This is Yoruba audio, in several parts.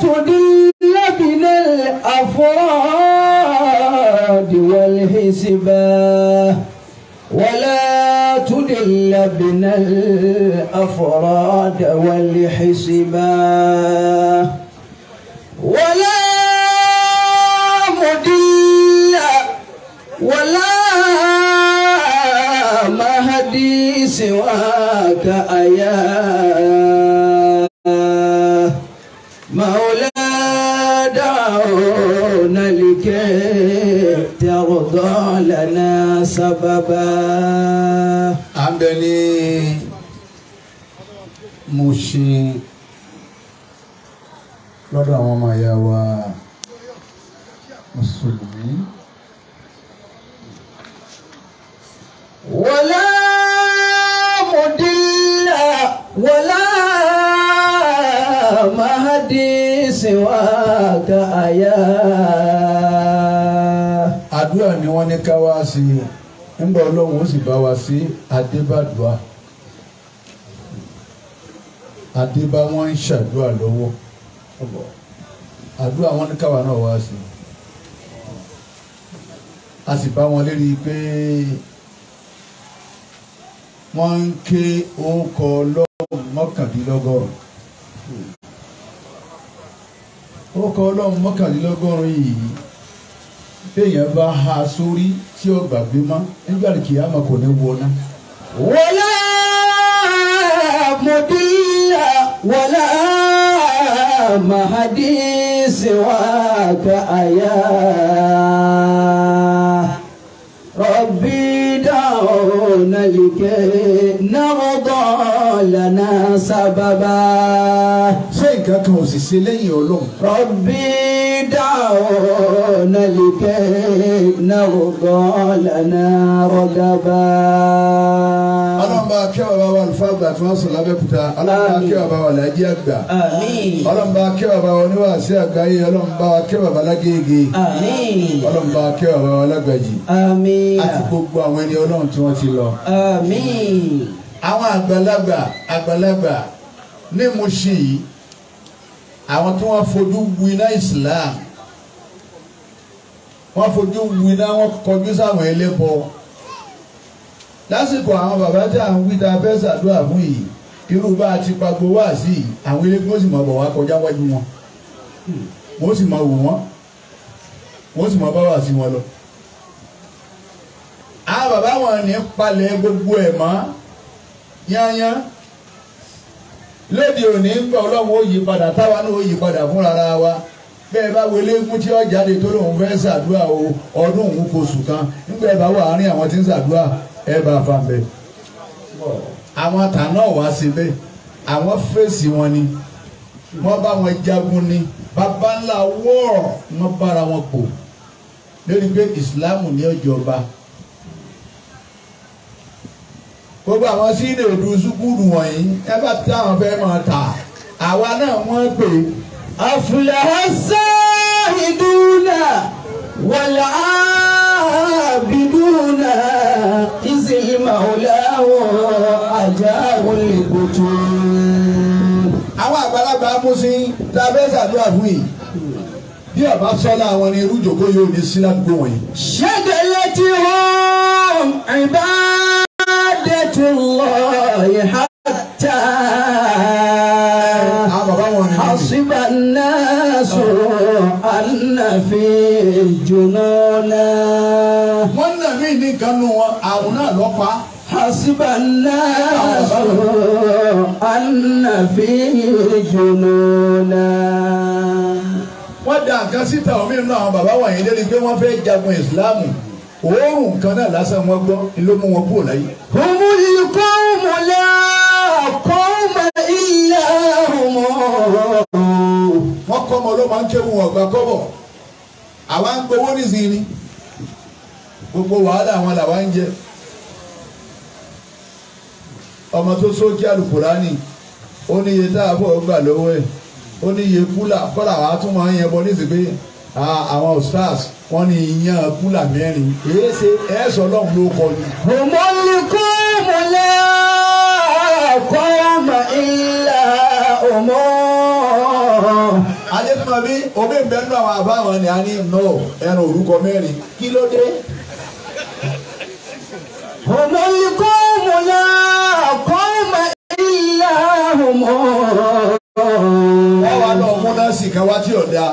تدل بنا الأفراد والحسبة ولا تدل بنا الأفراد والحسبة ولا مدل ولا مهدي سواك أي lana sábàbà. à ń bẹ ní Mùṣin lọ́dọ̀ àwọn ọmọ ìyá wa. àdúrà ni wọ́n ní ká wá sí i nígbà ọlọ́run ó sì bá wa sí adébàdúà adébá wọ́n ń ṣàdúrà lọ́wọ́ àdúrà wọ́n ní káwa náà wá sí i a sì bá wọn lérí pé wọ́n ń ké orúkọ ọlọ́run mọ́kàndínlọ́gọ́rùn orúkọ ọlọ́run mọ́kàndínlọ́gọ́rùn yìí téèyàn bá ha sórí tí ó gbàgbé mọ́ nígbà tí kìí àmọ́ kò ní wọná. wọlé mọdíyà wọlé mahadí siwaka àyà. كي نرضى لنا سببا ṣé nǹkan kan ò sì ṣe lẹ́yìn ọlọ́run. rọ̀bì dáwọ́ nàlìkẹ́ nàrọ̀gọ́ lànà rọ̀dàbà. ọlọ́mọba kí bàbá wa alùfáà àgbà tí wọ́n sọ lábẹ́kúta ọlọ́mọba kí bàbá wa làjí àgbà ọlọ́mọba kí bàbá wa oníwàásí àgbáyé ọlọ́mọba kí bàbá lágége ọlọ́mọba kí bàbá wa lágbàjì àti gbogbo àwọn ẹni ọlọ́run tí wọ́n ti lọ àmín. àwọn àgbàlagbà àgbàlagbà ní Mùṣín yìí àwọn tí wọ́n fojú winá Islam wọ́n fojú winá wọ́n kọjú sáwọn ẹlẹ́bọ lásìkò àwọn bàbá tí à ń wí ta fẹ́ ṣàdúrà fún yìí irú bá a ti pagbo wá sí i àwọn eléyìí wọ́n sì máa bọ̀ wá kọjá wájú wọn wọ́n sì máa wò wọ́n wọ́n sì máa bá wá sí wọn lọ a bàbá wọn ní palẹ̀ gbogbo ẹ̀ mọ́ yányán lédi òní ń gbọ́ ọlọ́run ó yí padà táwa náà ó yí padà fúnra wa bẹ́ẹ̀ bá wọlé egun tí ó jáde tó lóun fẹ́ ṣàdúrà o ọdún òun fosù kan nígbà ẹ̀ bá wà àárín àwọn tí ń ṣàdúrà ẹ̀ bá fa bẹ́ẹ̀. àwọn tànà wá sí bẹ́ẹ̀ àwọn fèsì wọn ni wọ́n bá wọn jagun ni bàbá wọ́n bára wọn pọ̀ lórí pé ìsìláàmù ní ọjọ́ ọba gbogbo àwọn sínú èdè sukùlù wọ̀nyí ẹ bá ti táwọn fẹ́ máa tà àwa náà wọ́n pè é. àfùlẹ̀ sáàhìdúnà wàlá àbìdúnà ìsìlímọ̀ ọ̀làwọ̀ àjà wọlé kòtò. àwọn àgbàlagbà amúsìn lábẹ́ sàdúrà fún yìí bí ọba sọlá àwọn irú ìjòkó yóò ní sílá gbogbo wọ̀nyí. ṣé délé tí wọ́n ń bá. الله حتى حسب الناس أن في جنونا wọ́n náà ní nǹkan nu àwọn náà lọ́pàá. حسب الناس أن في جنونا. wọ́n dá nǹkan síta omi nínú bàbá wọ̀nyí lórí pé wọ́n fẹ́ jagun ìsìláàmù òórùn kan náà lásán wọn gbọ́ ló mú wọn kúrò láyé. òun ikú mọ̀lá kọ́ mọ̀ ilé ọmọ. wọ́n kọ́ ọmọ ló máa ń kéwù ọ̀gbà kọ́bọ̀ àwa ń gbowó nísìnyí gbogbo wàhálà àwọn làwa ń jẹ ọmọ tó sókè àlùkùránì ó ní iye tá a fọ́ gbà lọ́wọ́ ẹ̀ ó ní iye kúlà kọ́là àá tún máa nísìnyí Ah, àwọn stars wọ́n ní iyán kúlà mẹ́rin èyí ṣe ẹ̀ẹ́sọ̀ ọlọ́run ló kọ ni. mo ní kó mo lé ọkọ ọmọ ilà ọmọ. adéfúnmọ́ mi omi ń bẹ nínú àwọn àbá wọn ni a ní nọ ẹran orúkọ mẹ́rin kí ló dé. mo ní kó mo lé ọkọ ọmọ ilà ọmọ wọ́n wá lọ mú nọ́ọ̀sì kan wá tí ò da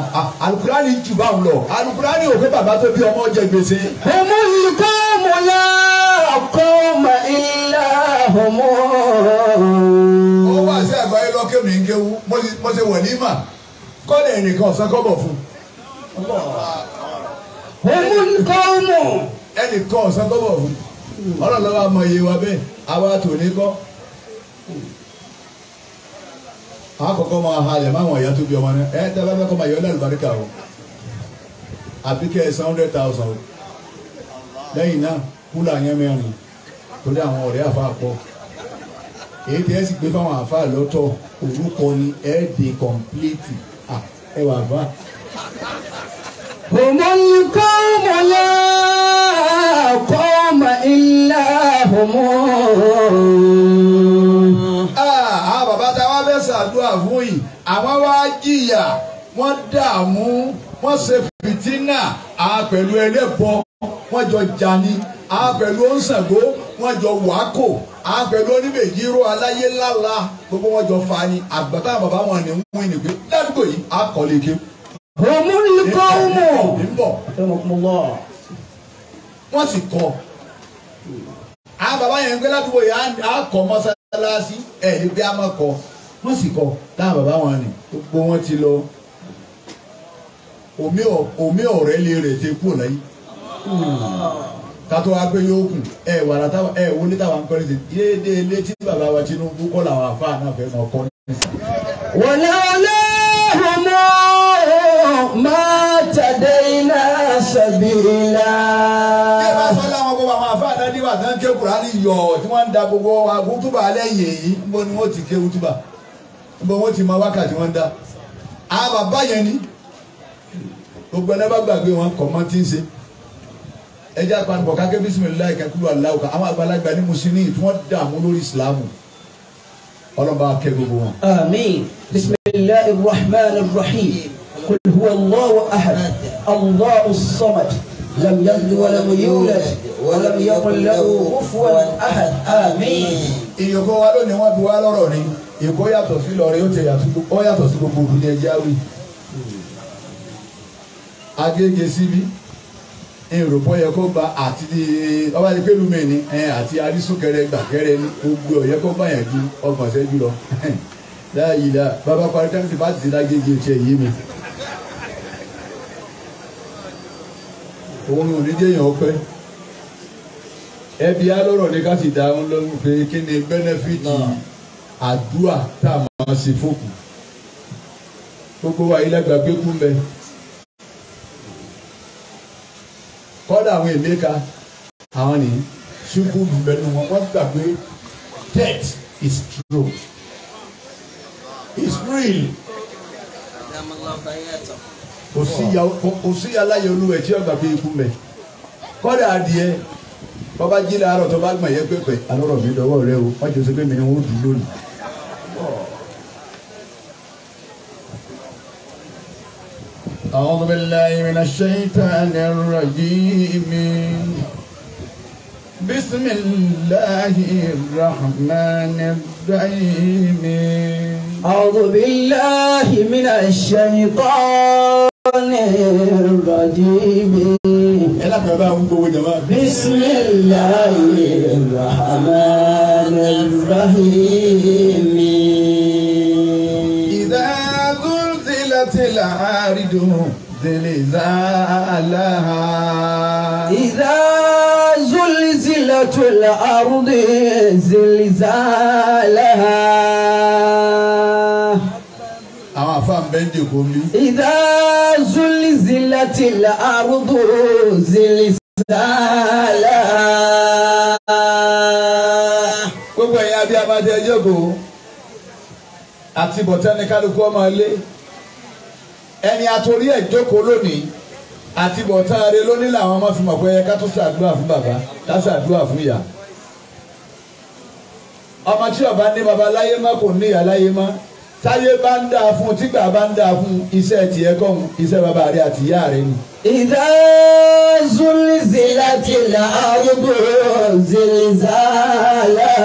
alukurani jù bá ń lọ alukurani ò bàbá tó bí ọmọ jẹ gbèsè. ọmọ yìí kọ́ mọ̀ náà kọ́ mọ̀ ilá ọmọ. ó wá sí àgbáyé lọ́kẹ́ mi ń kéwu mo ṣe wọ̀ nímà kọ́lẹ̀ nìkan ọ̀sán kọ́bọ̀ fún. ọmọ yìí kọ́ mọ̀. ẹnìkan ọ̀sán kọ́bọ̀ fún ọlọ́lọ́wọ́ àmọ̀ iye wa bẹ́ẹ̀ àwa tò ní kọ́ akọkọ máa halẹ̀ máa wọ̀n ìyá tó bí ọmọ náà ẹ tẹ́ bá fẹ́ kọ́ yọ lẹ́nu baríkà o àbí kẹ́ ẹ san hundred thousand o lẹ́yìn náà kúlà yẹn torí àwọn ọ̀rẹ́ àfa pọ̀ èyí tẹ́ ẹ sì gbé fáwọn àfa lọ́tọ̀ orúkọ ni ẹ dé kọ̀mpléètì ẹ wà bá. Òmò yìí kọ́ ọmọ yẹn kọ́ ọmọ ilé àbọ̀mọ́ ṣàdúrà fún yìí àwọn wá jìyà wọ́n dààmú wọ́n ṣe fìtínà à pẹ̀lú ẹlẹ́bọ wọ́n jọ jani à pẹ̀lú òǹṣàgbó wọ́n jọ wákò à pẹ̀lú oníbèjìrò aláyé lálá gbogbo wọ́n jọ fa àgbàtà bàbá wọn ni ń ni pé ládùúgbò yìí á kọ́ lè ké. òmùlùkọ́ mọ̀ wọ́n sì kọ́ àwọn bàbá yẹn ń gbé ládùúgbò yìí á kọ́ mọ́sálásí ẹ̀ ní bí a máa kọ́ wọ́n sì kọ táwọn bàbá wọn rìn gbogbo wọn ti lọ omi ọ̀rẹ́ lè rẹ̀ ti kú ọ̀la yìí kátó wá yóò kù ẹ wàrà táwa ẹ wo ní ń kọ́ létí ilé ilé tí bàbá wa Tinubu kọ́ làwọn àfáà náà fẹ́ máa kọ́ ní. wọlé wọlé ọmọ máa tàdé iná sàbílà. ẹ bá sọ láwọn gbogbo àwọn àfáà náà níwà tán ké Kùránì yọ tí wọ́n ń da gbogbo àgùntúbà lẹ́yìn èyí ń bọ́ ni wọ́n ti ké wútúbà gbogbo wọn ti mọ wákàtí wọn dá àwọn bàbá yẹn ni gbogbo ẹni bá gbàgbé wọn kọ̀ mọ́ tí ń ṣe ẹjẹ àpapọ̀ kákẹ́ bísímìlá ìkẹ́kúrú aláwùká àwọn àgbàlagbà ní mùsùlùmí tí wọ́n dààmú lórí ìsìlámù ọlọ́ba akẹ́ gbogbo wọn. àmín bisimilahi rahman rahim kul huwa allahu ahad allahu samad. لم يلد ولم يولد ولم يقل له كفوا احد امين. ìyókò wa lónìí wọn bí wa lọ́rọ̀ ni èkó yàtọ̀ sí lọrin ó ti yàtọ̀ sí gbogbo òdùdí ẹjẹ àwìn. agége síbí ìròpọ̀ yẹ kó gba àti ọba ní pẹ́lúmi ni àti arísúkẹrẹ gbàkẹrẹ ní gbogbo ọ̀yẹ́ kó bá yẹn ju ọgbọ̀nsẹ́ jù lọ. láyìí la bàbá parí tẹ́lifí bá ti ti lágége tiẹ̀ yé mi. òun ò ní jẹ́yàn ọpẹ́ ẹbí alọ́rọ̀ ni ká sì dá ń lọ́rùn pé kí ni bẹ́nẹ́fìtì àdúrà tá a máa ṣe fòkù gbogbo wa ilé gbàgbé kú mbẹ kọ́dà àwọn èmẹ́ka àwọn nìyí ṣubú mbẹ́nu wọn wọ́n gbàgbé death is true It's real kò sí aláyẹ olúwẹ̀ tí ọgbà bí ikú mẹ́ kọ́dà adìẹ bàbá jí làárọ̀ tó bá gbọ̀n yẹ pẹ́pẹ́ alọ́rọ̀ mi dọ́wọ́ rẹ o wọ́n jọ pé mi ni wọ́n dùn lónìí. أعوذ بالله من الشيطان الرجيم بسم الله الرحمن الرحيم أعوذ بالله من الشيطان الرجيم بسم الله الرحمن الرحيم إذا زلزلت الأرض زلزالها إذا زلزلت الأرض زلزالها ń dìbò mi. ìdá zulizilati al-ardu zilzala. gbogbo ẹ̀yin abí abájẹ ẹjọ́gò àti bọ̀tẹ́ni kálukú ọmọ ilé ẹni àtòrí ẹ̀ jókòó lónìí àti bọ̀tẹ́ni lónìí làwọn ọmọ fi mọ̀ pé ẹ ká tó ṣàdúrà fún bàbá ká ṣàdúrà fún ìyá ọmọ tí ọba ní baba láyé má kò ní ìyá láyé má táyé bá ń dáa fún tígbà bá ń dáa fún iṣẹ́ tiẹ̀ kọ́hún iṣẹ́ bàbá rẹ̀ àti ìyá rẹ̀ ni. ìdá zulzilatil ardu zilzala.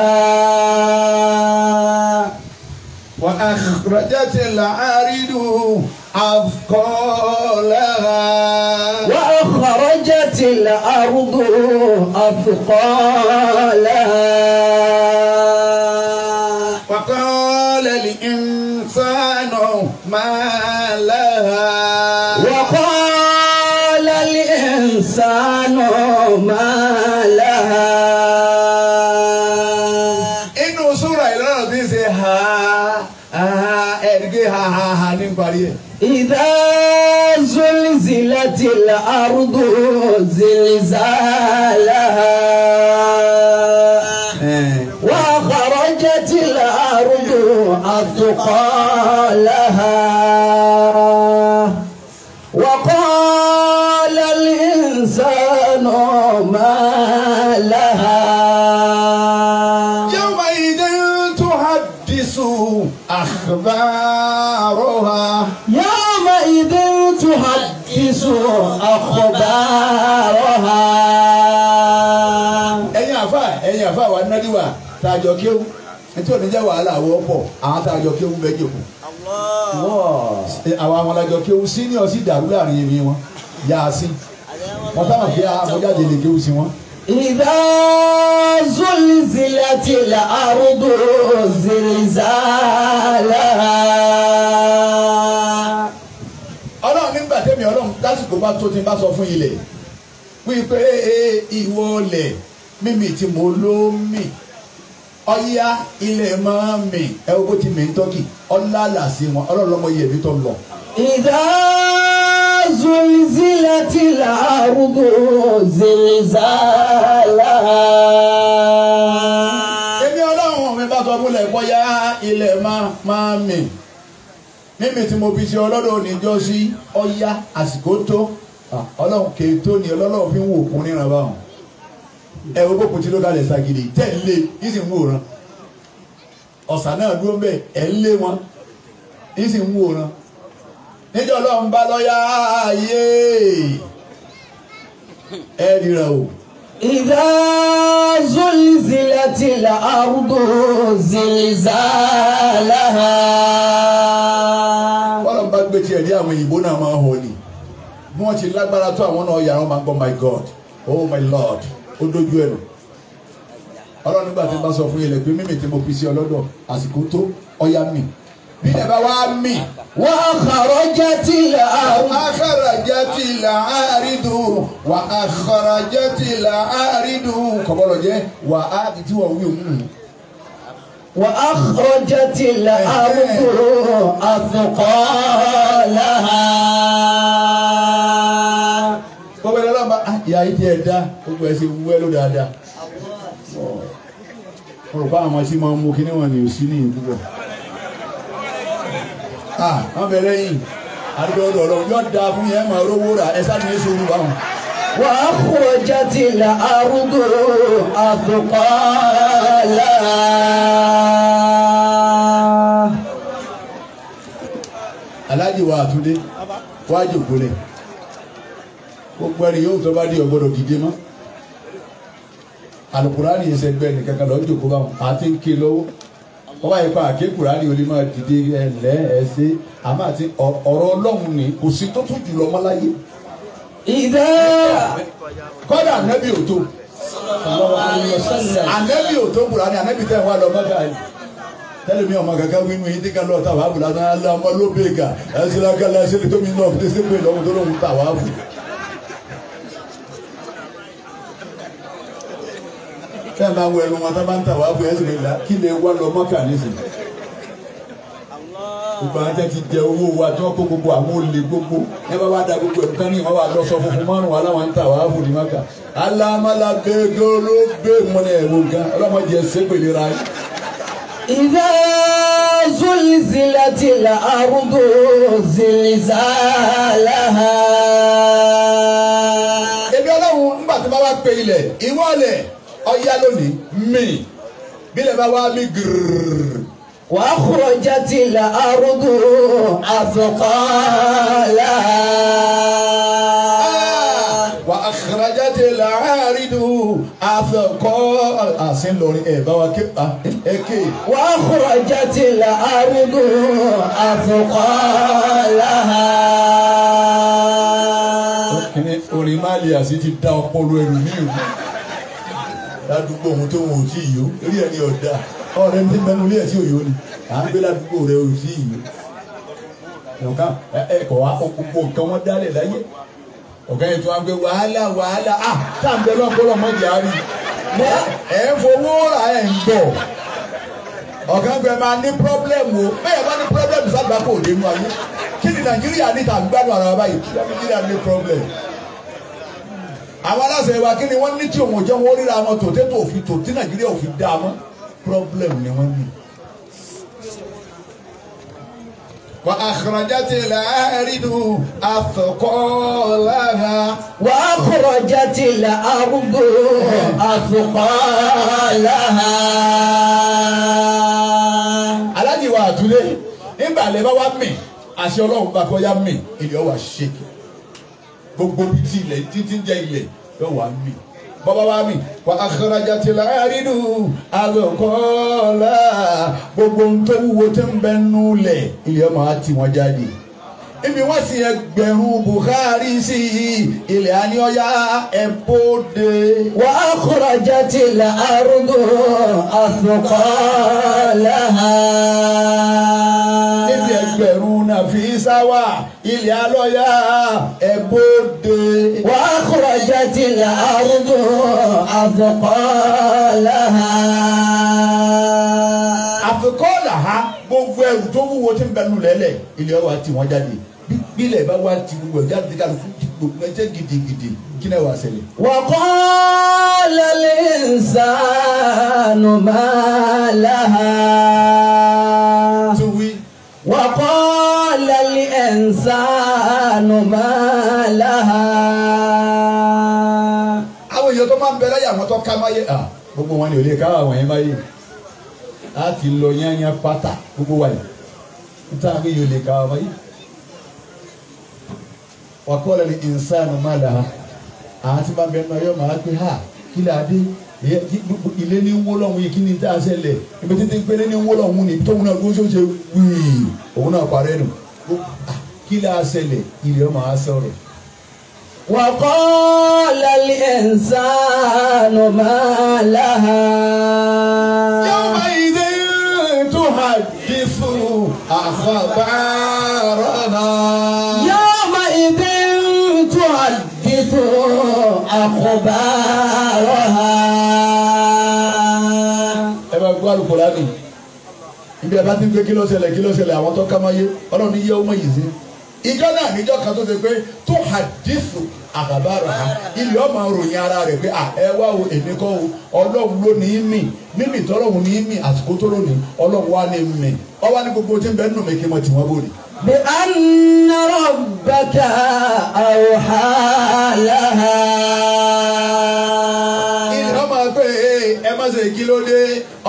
wa akhrajatil ardu afqalaha. wa akhrajatil ardu afqalaha. مالها وقال الإنسان ما لها inú súra ìlànà tí ń ṣe ha إذا زلزلت الأرض زلزالها. أثقالها وقال الإنسان ما لها يومئذ تحدث أخبارها يومئذ تحدث أخبارها أي أفا أي أفا والندوة تاجوكيو ẹtí òní jẹ́ wàhálà àwọ̀ pọ̀ àwọn tá a jọ kéwú bẹ́ẹ̀ jòkó. àwọn àwọn alájọ kéwú senior sì dàrú láàrin èmi wọn yáa sí wọn táwọn fi àmójáde lè kéwú sí wọn. إذا زلزلت الأرض زلزالها. ọlọ́run nígbà tẹ́mi ọlọ́run lásìkò bá tó ti bá sọ fún ilẹ̀ wípé ìwọ mímì tí mo ló mì ọyá ilẹ̀ máa ń mì ẹ wo bó ti mì ń tọ́kì ọlá làásì wọn ọlọ́run lọ́mọ iye mi tó lọ. ìdá zulzilatil ardu zilzala. èmi ọlọ́run mi bá sọ fún ilẹ̀ bọ́yá ilẹ̀ máa ń mì mímì tí mo fi ṣe ọlọ́dọ̀ oníjọ́ sí ọyá àsìkò tó ah, ọlọ́run kèétó ni ọlọ́run fi ń wò fún níran báwọn ẹ o gbókun tí local ẹ̀sà gidi tẹ̀ ń lé yín sì ń wòran ọ̀sà náà dúró ń bẹ̀ ẹ̀ ń lé wọn yín sì ń wòran níjọ́ ọlọ́run bá lọ́yà ayé ẹ ríra o. ìdá zulzilatil ardu zilzalaha. bọ́lọ̀n bá gbé tiẹ̀ ní àwọn òyìnbó náà máa ń hò ní bí wọ́n ti lágbára tó àwọn náà yàrá wọn máa ń gbọ́ my God oh my Lord ó dójú ẹ̀rù ọlọ́run nígbà tí n bá sọ fún ilẹ̀ pé mímì tí mo fi sí ọlọ́dọ̀ àsìkò tó ọya mì bí ẹ wá mì. wà á kọ̀rọ̀ jẹ́ tilẹ̀ àárín. wà á kọ̀rọ̀ jẹ́ tilẹ̀ àárín dùn. wà á kọ̀rọ̀ jẹ́ tilẹ̀ àárín dùn. kọ̀bọ̀lọ̀ jẹ́ wà á tí wọ́n wí òun. wà á kọ̀rọ̀ jẹ́ tilẹ̀ àárín dùn. àsìkò làhà bọ́bẹ̀ lọ́la ah, ma ìyá yìí tiẹ̀ dá gbogbo ẹ̀ ṣe wúwẹ́ ló dáadáa mo rò pé àwọn tí máa ń mú kí níwọ̀n ni ò sí nìyí púpọ̀ ah wọ́n bẹ lẹ́yìn àdúgbò ọ̀dọ̀ ọlọ́run yóò da fún yẹn máa rówó rà ẹ sáà ní í sọ̀rọ̀ báwọn. wà á kúrò jẹ́tì là arúgbó àtùkọ́lá. aláàjì wa àtúndé wájú kúlẹ̀ gbogbo ẹni yóò tó bá di ọgbọ́dọ̀ dìde mọ́ alukurani ẹsẹ gbẹ ní kankan lọ́ọ́ jòkó báwọn àti ń ké lọ́wọ́ wọ́n wáyé pa àké kurani olè máa dìde ẹ̀lẹ́ ẹ̀sẹ̀ àmọ́ àti ọ̀rọ̀ ọlọ́run ni kò sí tó tún jùlọ ọmọ láyé. ìdá kọ́dà ànábì ò tó ànábì ò tó kurani ànábì tẹ̀ wá lọ mọ́gà yìí tẹ́lẹ̀ mi ọmọ kankan wí mi díkà lọ́ọ̀ tàwa àbùlà náà lọ́ọ́ ọmọ lóbìgà ẹ̀sìn lákàlà ẹ̀sìn tó mi náà fi tẹ́sí pé lọ́wọ́ tó lóun tàwa àbùlà. tí bá wọ ẹnu wọn tó bá ń tà wá fún ẹsẹ̀ ìlà kí lè wá lọ mọ́kà nísìnyí. gbogbo àwọn tẹ́tí jẹ owó wa tó kó gbogbo àwọn olè gbogbo ẹ bá wá da gbogbo ẹ̀rù kání ìwọ́n wa lọ sọ fún márùn wa láwọn ń tà wá fún ní mọ́kà. alamala gbẹdọrọ bẹ mọlẹ ẹwọ gan ọlọmọdé ẹsẹ pèlè ra. ìdá zulzilati ìwọ́lẹ̀ ọ̀yá lónìí mì bílẹ̀ bá wá mí gírrrr. wà á kúrò jáde la arúgbó àfọkànlá. wà á kúrò jáde la àrídù àfọkọ́ àsìn lórí ẹ̀ bá wa ké ẹ ké. wà á kúrò jáde la arúgbó àfọkànlá orin máa lè àṣìí dá ọpọlọ ẹlòmíì rú ládùúgbò òun tó wọn ò tí ì yó eré ẹ̀ ní ọ̀dà ọ̀rẹ́ ní mẹ́nu ilé ẹ̀ tí òyò ni à ń gbé ládùúgbò rẹ̀ ò tí ì yó. nǹkan ẹ̀kọ́ wa gbogbo nǹkan wọn dálẹ̀ láyé ọ̀gá yẹn tó wá gbé wàhálà wàhálà à tá à ń bẹ lọ́pọ̀lọ́ mọ́jì àárí ẹ̀ ń fowó ra ẹ̀ ń bọ̀ ọ̀gá gbẹ máa ní pírọ́blẹ̀mù o bẹ́ẹ̀ bá ní pírọ́blẹ̀mù sábà kò dé mú ayé kí ni Nàìjíríà ní tàbí gbádùn ara wa báyìí Nàìjíríà ní pírọ́blẹ̀mù àwọn aláṣẹ wa kí ni wọ́n ní tí òun jẹ́ wọ́n ríra wọn tòóté tó òfin tó tí nàìjíríà òfin dá mọ́ problem ni wọ́n ní. wà á kọ̀rọ̀jà ti láàrínú àfọ̀kọ́lára. wà á kọ̀rọ̀jà ti láàrúgbó àfọ̀kọ́lára. alájì wa àtúlẹ̀ nígbà lè bá wa mì àṣẹ ọlọ́run bá kọ́ ya mì èyí ọ wà ṣe kìí gbogbo bíi ti ilẹ̀ títí ń jẹ ilẹ̀ yóò wá mì bọ́bá wa mi wà á xarajà tí la àrídù àgọ́kọ́lá gbogbo ntọ́ wo tẹ́ ń bẹ́ nù ilé ọmọ àti wọn jáde ibi wọ́n sì ẹgbẹ̀rún Buhari sí ilẹ̀ aníọ́yá ẹ̀bọ́dé. wà á kóra jẹ́ ti ilẹ̀ arúgbó àtúkọ́lá. níbi ẹgbẹ̀rún Nàfísà wà ilẹ̀ alọ́yá ẹ̀bọ́dé. wà á kóra jẹ́ ti ilẹ̀ arúgbó àtúkọ́lá. àtúkọ́lá gbogbo ẹrù tó wúwo tí ń bẹ lulẹ̀ lẹ̀ ilé wa ti wọ́n jáde bílẹ̀ bá wá ti wúwo jáde ká lóko gbogbo ẹjẹ́ gidigidi kí náà wà ṣẹlẹ̀. wà kọ́ lẹ́lẹ́ ìsànù máa láha. tó kọ́ lẹ́lẹ́ ìsànù máa àwọn èèyàn tó máa ń bẹ láyé àwọn tó ká máyé gbogbo wọn ni ò lè ká àwọn yẹn máyé a ti lọ yányán pátá gbogbo wa yìí níta mi yóò lè ka ọmọ ní ìnsánu má la àwọn tí máa bẹ nínú ọyọ́ pé ha kí lè adé ilé ní wọ́lọ́hún yìí kí ni tá a ṣẹlẹ̀ ibi títí pé ní wọ́lọ́hún ni tóun náà gbóṣó ṣe wíì òun náà parẹ́ nù kí lè a ṣẹlẹ̀ ilé ọmọ a sọ̀rọ̀. wàkọ́lẹ̀ ní ìnsánu má la. yóò bá أدبارها ẹ bá gbọ́ Al-Kùránì ibi ẹ ti ń gbé kí ló ṣẹlẹ̀ kí ló ṣẹlẹ̀ àwọn tó ká máa yé ọlọ́run ní yé ọmọ yìí sí ìjọ náà níjọ kan tó ṣe pé tó hadithu àbábára ilé ọmọ ròyìn ara o èmi kọ́ o ọlọ́run ló ní í mì mímì tọ́lọ́run ní í mì بأن ربك أوحى لها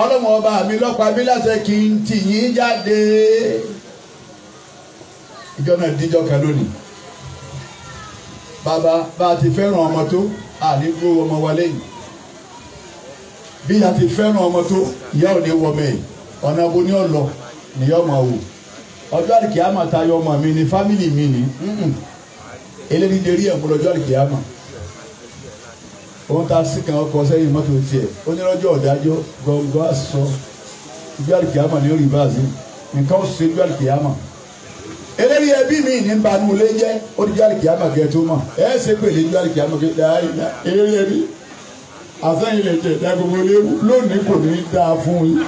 ọlọ́mọ ọba mi lọ́pàá mi láṣẹ kí n tì yín jáde. ìjọ náà díjọ kan lónìí bàbá bá a ti fẹ́ràn ọmọ tó àlégbó ọmọ wa lẹ́yìn bí a ti fẹ́ràn ọmọ tó ìyá ò ní wọ mẹ́ẹ̀ ọ̀nà abo ní ọ̀lọ́ nìyá ọmọ wò ọjọ́ àlìkìyàmà tayọ ọmọ mi ni fámìlì mi ni eléyìí lè rí ẹ̀kọ́ lọ́jọ́ àlìkìyàmà òun ta síkàn ọkọ̀ sẹ́yìn mọ́tò tiẹ̀ ó ní lọ́jọ́ ọ̀dájọ́ gbọ̀ngàn àṣọ ìjọ àlìkìyàmà ni ó rí báàzì nǹkan ó ṣe ìjọ àlìkìyàmà eléyìí ẹbí mi ní banú lé jẹ́ ó ní ìjọ àlìkìyàmà kẹ́ tó mọ̀ ẹ ṣe pé ìjọ àlìkìyàmà kẹ́ dáa eléyìí ẹbí àtẹ̀yìn lè jẹ̀ dá gbogbo léwu lónìí kò ní í dáa fún yín.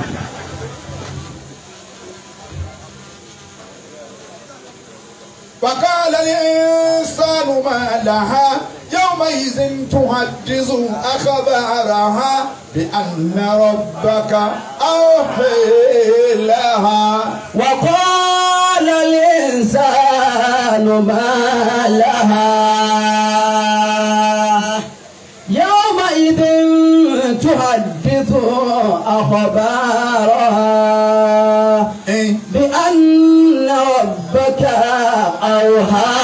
تعمل ما لها يومئذ تحدث أخبارها بأن ربك أوحي لها وقال الإنسان ما لها يومئذ تحدث أخبارها إيه؟ بأن ربك أوحى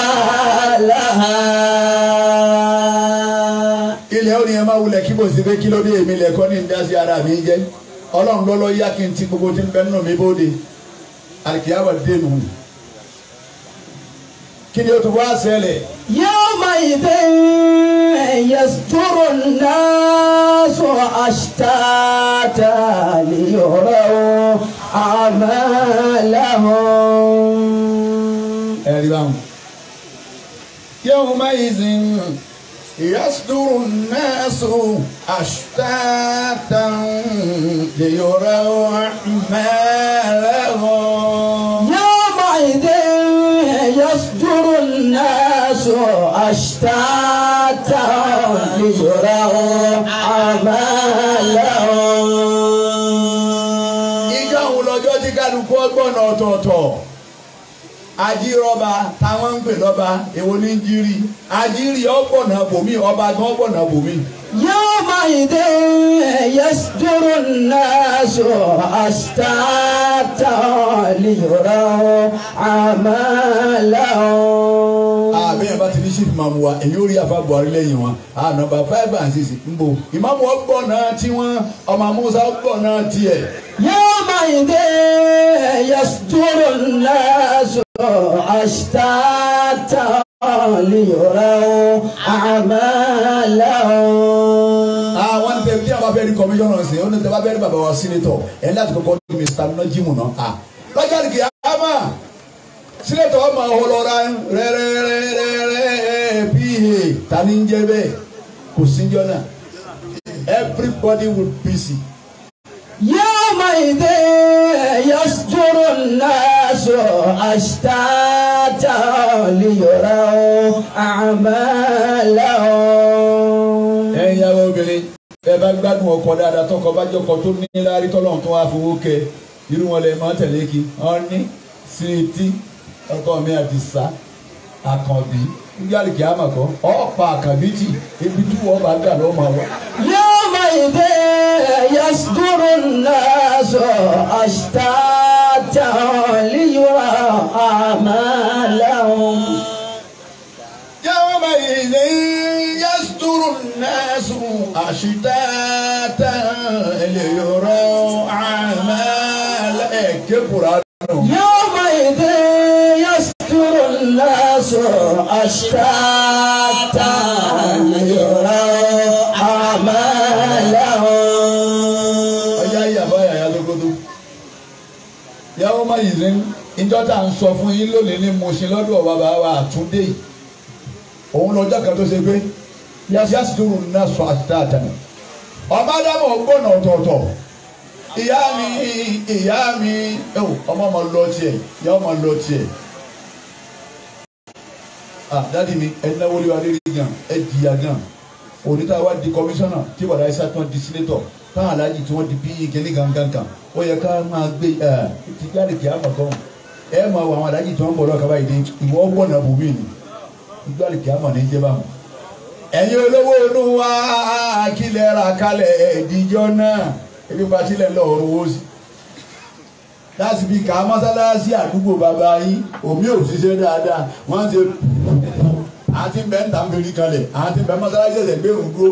wulẹ̀ kí mo sì fẹ́ kí ló dé èmi lẹ̀kọ́ ní ìdásí ara mi jẹ́ ọlọ́run lọ́lọ́ yá kí n ti gbogbo tí ń bẹ nínú mi bóde àlìkìyàwó dénú mi kí ni o tún wá ṣẹlẹ̀. yóò máa yìí dé yasturu naasu ashtata liyuraw amalahum. ẹ̀rí báwọn. yóò máa yìí sìn. يصدر الناس أشتاتا ليروا أعمالهم يومئذ يصدر الناس أشتاتا ليروا أعمالهم. ìjọ́ òun lọ́jọ́ tí kálukú ajírọ́ba táwọn ń pè lọ́ba èwo ní jírí ajírí ọ̀pọ̀nà bòmí ọba gan ọ̀pọ̀nà bòmí. yóò máa yìí dé yasduru nasu astata liyura amala. àbí yẹn bá ti ní chief mamu wa èyí ó rí afa buhari lẹ́yìn wọn a five and six ń bò ìmáàmù ọgbọ̀nà tiwọn ọmọ musa ọgbọ̀nà tiẹ̀. yóò máa yìí dé yasduru nasu. أشتاتا ليروا أعمالهم àwọn ní tẹ̀lé àwọn abẹ́rẹ́ kọmíṣánná sí i ó ní tẹ̀lé abẹ́rẹ́ bàbá wa sínétọ̀ ẹ̀ láti kọ́kọ́ ní mr nọ́jìmù náà. lọ́jà ní kìyàmá sínétọ̀ ọmọ ọlọ́ra rẹ́rẹ́rẹ́rẹ́ bíi ta ni ń jẹ́ bẹ́ẹ̀ kò síjọ́ náà everybody will busy. Yeah. يومئذ يصدر الناس أشتاتا ليروا أعمالهم ẹ̀yàwó obìnrin ẹ bá gbádùn ọkọ dáadáa tọkọ bá jọkọ tó ní láàrí tọlọ́run tó wá fowó kẹ irú wọn lè máa tẹ̀lé kí ọní síìtì ọkọ mi àti sá àkànbí ń yálìkì àmàkọ ọ̀pá àkànbí tì ibi tí wọ́n bá gbà lọ́mọ wa. yóò. يومئذ يصدر الناس أشتاتا ليرى أعمالهم يومئذ يصدر الناس أشتاتا ليرى أعمالهم يومئذ يصدر الناس أشتاتا ليرى أعمالهم yìí ìjọ tá à ń sọ fún yín lónìí ní Mùṣín lọ́dọ̀ bàbá wa Àtúndé òun lọ́jọ́ kan tó ṣe pé yasiasi tó rùn náà sọ àti dáadáa ọba dábọ̀ gbọ́nà ọ̀tọ̀ọ̀tọ̀ ìyá mi ìyá mi ọmọ ọmọ lọ tiẹ̀ ìyá ọmọ lọ tiẹ̀ dádì mi ẹ náwó lé wa lérí gan ẹ jìyà gan òní kọmíṣánná tí wàdà ẹ tán di sínétọ̀ tán aláàjì tí wọ́n di bí kíní kankankan ó yẹ ká máa gbé tìjáde kìá mọ̀kàn ẹ máa wọ àwọn aláàjì tí wọ́n ń bọ̀ kaba yìí ní ìwọ́ wọ̀nà bùbí ni tìjáde kìá mọ̀ ní jẹ́ báwọn. ẹ̀yin olówó inú wa kílẹ̀ ra kalẹ̀ ìdíjọ́ náà ebi sílẹ̀ láti fi mọ́sálásí àdúgbò bàbá yín ò dáadáa wọ́n ti àti ń kalẹ̀ àti bẹ́ẹ̀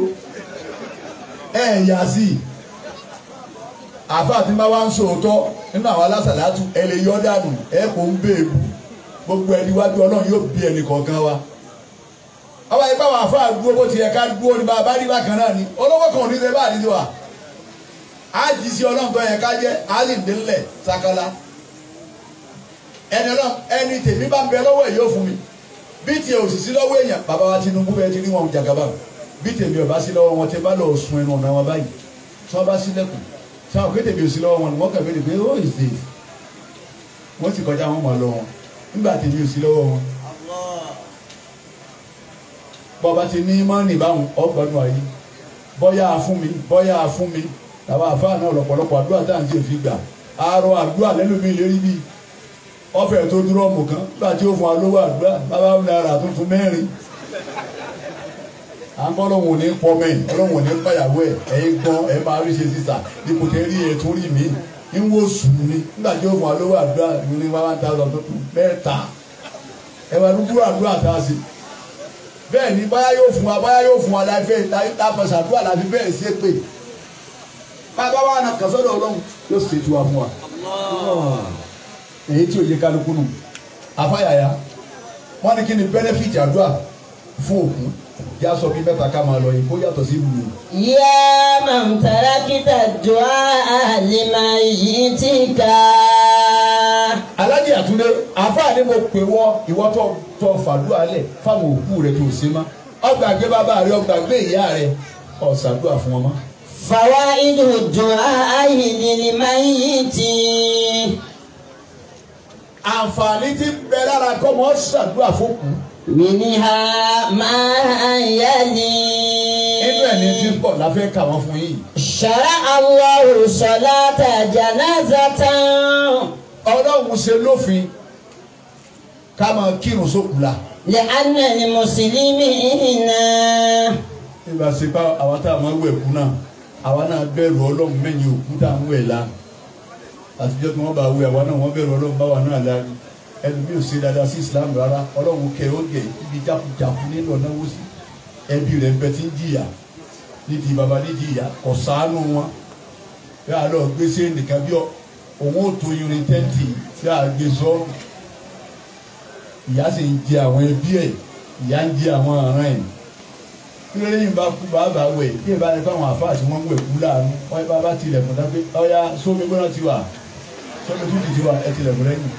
àfáà tí bá wá ń sòótọ́ nínú àwọn alásàlátù ẹ lè yọ dànù ẹ kò ń bèèbù gbogbo ẹni wájú ọlọ́run yóò bí ẹnì kọ̀ọ̀kan wa ọba yìí báwọn àfáà dúró bó ti yẹ ká dúró ní bá a bá rí bákan náà ni olówó kan ò ní lè bá àdídò wa á jì sí ká jẹ́ á sakala ẹni ọlọ́run ẹni tèmi bá ń bẹ lọ́wọ́ ẹ̀ yóò fún mi bí tiẹ̀ ò sì sí lọ́wọ́ èèyàn bàbá wa Tinubu bẹ́ẹ̀ ti rí wọn jàgàbà bí tèmi ò sí lọ́wọ́ wọn ti bá lọ sun ẹnu ọ̀nà wọn báyìí tí wọ́n bá sílẹ̀kùn sáwọn kéde mi ò sí lọ́wọ́ wọn ni wọ́n kà béèrè pé ó oh, is this wọ́n sì kọjá wọn mọ̀ lọ wọn nígbà tí mi ò sí lọ́wọ́ wọn. bọ́ ọba ti ní mọ́ọ̀nì báwọn ọgbọ́nù ayé bọ́yá fún mi bọ́yá fún mi làwọn àfáà náà lọ́pọ̀lọpọ̀ àdúrà tá à ń jẹ́ fi gbà àárọ̀ àdúrà lẹ́lòmíì lérí bíi ọ̀fẹ́ tó dúró ọmọ kan nígbà tí ó fún wa lówó àdúrà bàbá náírà à ń bọ́ ọlọ́run ò ní pọ́ mẹ́yìn ọlọ́run ò ní pàyàwó ẹ̀ ẹ̀yin gan ẹ̀ máa rí ṣe sísà ipò tẹ́ rí ẹ̀ tó rí mi ń wò sùn ni nígbà tí òògùn alówó àdúrà ní one thousand tó kù mẹ́ta ẹ̀ wà lúgbúrò àdúrà tá a ṣe bẹ́ẹ̀ ni báyà yóò fún wa báyà yóò fún wa láì fẹ́ láfẹsẹ̀ àdúrà láfi bẹ́ẹ̀ ṣe pé bàbá wa nà kàn sọ́dọ̀ ọlọ́run yóò ṣe tiwa fún wa èyí tí ò kálukú nù afáyàyà wọn ni kí ni bẹ́nẹ́fìtì àdúrà fún òkú yà sọ bí mẹ́ta ká máa lọ yìí kó yàtọ̀ sí ìlú. yá màá tara kíta dùn àlè máa yí tí ká. alájẹ àtúndé àfáà ni mo pè wọ ìwọ tó tó fàdúrà lẹ fáwọn òkú rẹ tó ṣe má ọgbàgbé bàbá rẹ ọgbàgbé ìyá rẹ ọ̀sàdúrà fún wọn fàwa inú dùn àyìnlí ni máa yí tì àǹfààní ti bẹ lára kọ́ mọ́ ṣàdúrà fókun. Minha máa ni. nínú ẹni tí ń bọ̀ la fẹ́ kà wọ́n fún yìí. ṣàrà Allahu salata janazatan. ọlọ́run ṣe lófin ká máa kírun sókù la. lè àná ni mùsùlùmí iná. ìgbà sí bá àwa tá a máa wẹ̀ kú náà àwa náà bẹ̀rù ọlọ́run mẹ́yìn òkú ń wẹ̀ la àtijọ́ tí wọ́n bá wẹ̀ àwa náà wọ́n bẹ̀rù ọlọ́run báwa náà lára ẹlòmí ò ṣe dáadáa sí islam rárá ọlọ́run kẹ ó gẹ̀ ibi jákujáku nínú ọ̀nàwó sí ẹbí rẹ̀ ń bẹ tí ń jìyà nídìí baba nídìí ìyá kò ṣàánú wọn yà á lọ gbèsè nìkan bí òun ò tó irin tẹ́ǹtì yà á gbé sọ ìyá sì ń jẹ àwọn ẹbí ẹ̀ ìyá ń jẹ àwọn ọ̀ràn ẹ̀ lórí yìí bá kú bàbá wẹ̀ bí ẹ bá rẹ fáwọn àfáà tí wọ́n ń wẹ̀ kú láàánú wọ́n bá bá tilẹ̀kùn dápé ọ̀ya sómi gbọ́dọ̀ ti wà sómi tútù ti wà ẹ tilẹ̀kùn lẹ́yìn.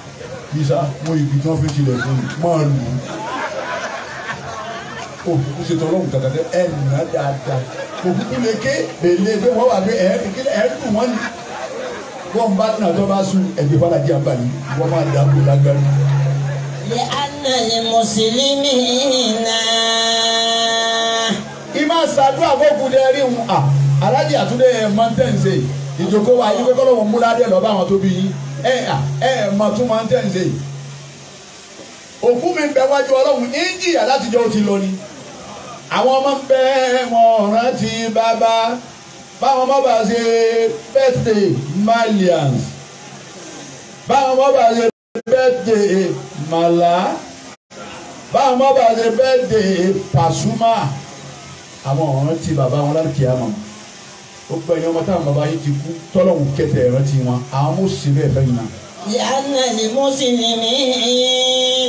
Yíṣà mo ìgbì tí wọ́n fi tilẹ̀ fún mi máa lù ú. Òkùnkùn ṣe tọ́lọ́hùn kàkà tẹ ẹ̀ nà dáadáa. Òkùnkùn lè ké èlé pé wọ́n wà pé ẹ̀ ẹ̀ dùn wọ́n ni. Wọ́n bá nà tó bá sùn ẹ̀jẹ̀ fara jẹ́ àbàlí wọ́n máa dàgbò lágbàlú. Lẹ́ àná ni Mùsùlùmí náà. Ìmọ̀ àṣàdúrà fókùn dẹ́rì ń à. Alájì àtúndé ẹ̀ máa ń tẹ̀ ń ṣe yìí ìjòkó wa yí pé kọ́lọ́wọ́ múlá dé lọ́ba àwọn tó bí yín ẹ ẹ mọ tún máa ń tẹ̀ òkú mi bẹ wájú ọlọ́run ní látijọ́ ti lọ ni àwọn ọmọ ń bẹ wọn rántí bàbá báwọn ọmọ bá ṣe birthday malians báwọn ọmọ bá ṣe birthday mala báwọn ọmọ bá ṣe birthday pasuma àwọn ọ̀rántí bàbá wọn láti kìí gbogbo ẹ̀yin ọmọ táwọn bàbá yìí ti kú tọ́lọ́hún kẹtẹ̀ ìrántí wọn àwọn mú sí bẹ́ẹ̀ yìí náà. lẹ́hánà ni mùsùlùmí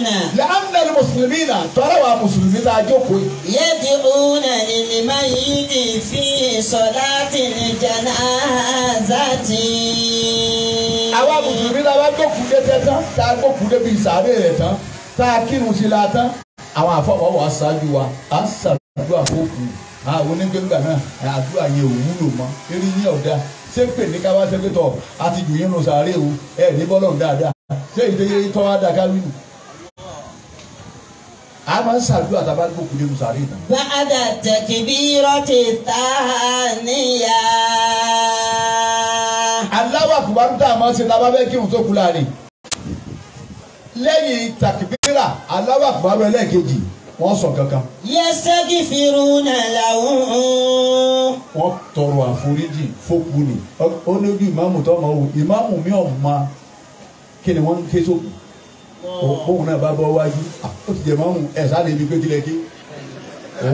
nà. lẹ́hánà ni mùsùlùmí nà tọ́lá wa mùsùlùmí náà jókòó. yẹ́dì ọ̀nà ìlì máa ti fi sọ̀dá ti lè jàǹdà àzàtì. àwa mùsùlùmí náà wá gbókùú kẹtẹ tán tá a gbókùú débi ìsàárè rẹ̀ tán tá a kírun sí la tán àwọn àfọwọ́wọ́ wa á ṣàdúrà fókùn àwọn onígbẹ́ngbà náà àdúrà yẹn ò wúlò mọ́ eré yín ọ̀dà ṣé pè ní ká wá ṣẹ́pẹ́ tọ̀ àti jù yín nù sàárè o ẹ̀ ní bọ́lọ̀ dáadáa ṣé ìdíyẹ tọ́ wá dáa káwí nù. a máa ń ṣàdúrà tá a bá ń gbókùn nínú sàárè náà. bàdà tẹkibírọ ti ta níyà. aláwọ̀ àkùbárú tá a máa ṣe lábá bẹ́ẹ̀ kírun tó kú láàrin lẹ́yìn tàkìbírà aláwọ̀ àkùbárú ẹlẹ́ẹ̀kejì wọ́n sọ kankan. yẹsẹ́kì firun làwọn. wọ́n tọrọ àforíjì fókù ni ó ní ojú ìmáàmù tó máa wò ìmáàmù mi ò ma kí ni wọ́n ń ké sókù òun náà bá bọ́ wájú ah, ó ti jẹ ìmáàmù ẹ̀ sáré ibi pé kílẹ̀ kí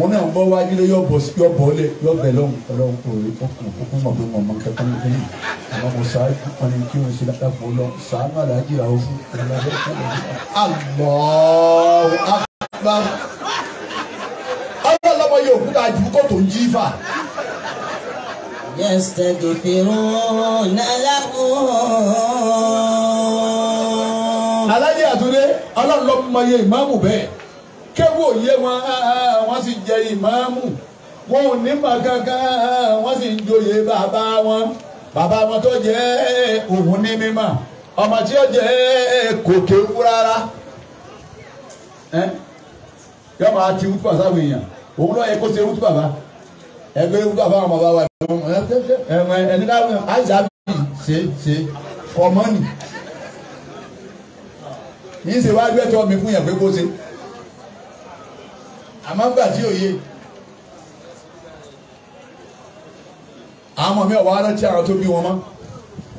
òun náà bọ́ wájú lé yọ bọ́ lé yọ bẹ̀ lọ́hùn ọlọ́run kò rí kókùn kókùn mọ̀ pé mọ̀mọ́ kẹ́kọ̀ọ́ ní kíni àwọn ọmọ sáà wọn ni kí wọn ṣe dáadáa lọ sàánú àlàájì rà ó fún ọlọ́run lágbára jù kó tó ń jí fà. يستغفرون لكم alájẹ àtúndé ọlọ́lọ́mọye ìmáàmù bẹ́ẹ̀ kéwò yé wọn ah, ah, wọ́n sì jẹ ìmáàmù wọn ò ní mọ̀ kankan ah, wọ́n sì ń joyè bàbá wọn bàbá wọn tó jẹ́ òun ní mímọ̀ ọmọ tí ó jẹ́ kò kéwú rárá yọ̀ọ́ máa ti wú pàṣẹ àwọn èèyàn òun yẹ kó ṣe irú bàbá ẹgbẹ́ irú bàbá àwọn bàbá wa ẹni ká àìsà bíi ṣe ṣe for money yìí ṣe wá gbẹ́tọ̀ mi fún yàn pé kó ṣe àmọ́ gbà tí òye àwọn ọmọ mi ọ̀wá rántí àwọn tó bí wọn mọ́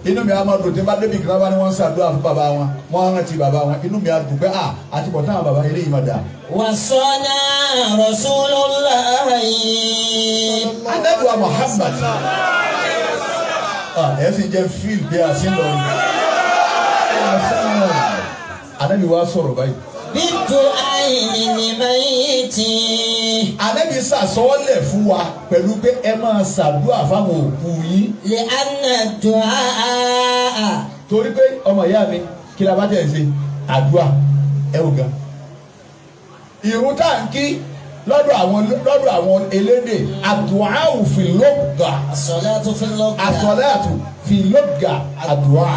inú mi á máa dùn tí bá débi kí ni wọ́n ń fún bàbá wọn wọ́n á rántí bàbá wọn inú mi á pé à àti bọ̀ táwọn bàbá eléyìí máa dà. wàsánà Rasulullah. adébùwà Muhammad ẹ sì jẹ fíìl bí a sì lọ. adébùwà sọ̀rọ̀ báyìí. bí tu àìní ni báyìí tì Ànábì sàsọ́ọ́lẹ̀ fún wa pẹ̀lú pé ẹ máa ṣàdúrà fáwọn òkú yín. lè ana dùn á. torí pé ọmọ ìyá mi kí la bá tẹ̀ ṣe àdúrà ẹ ò ga. ìrú tá à ń kí lọ́dọ̀ àwọn lọ́dọ̀ àwọn elédè àdúrà ò fi lóga. àsọlẹ̀ àtò fi lóga. àsọlẹ̀ àtò fi lóga àdúrà.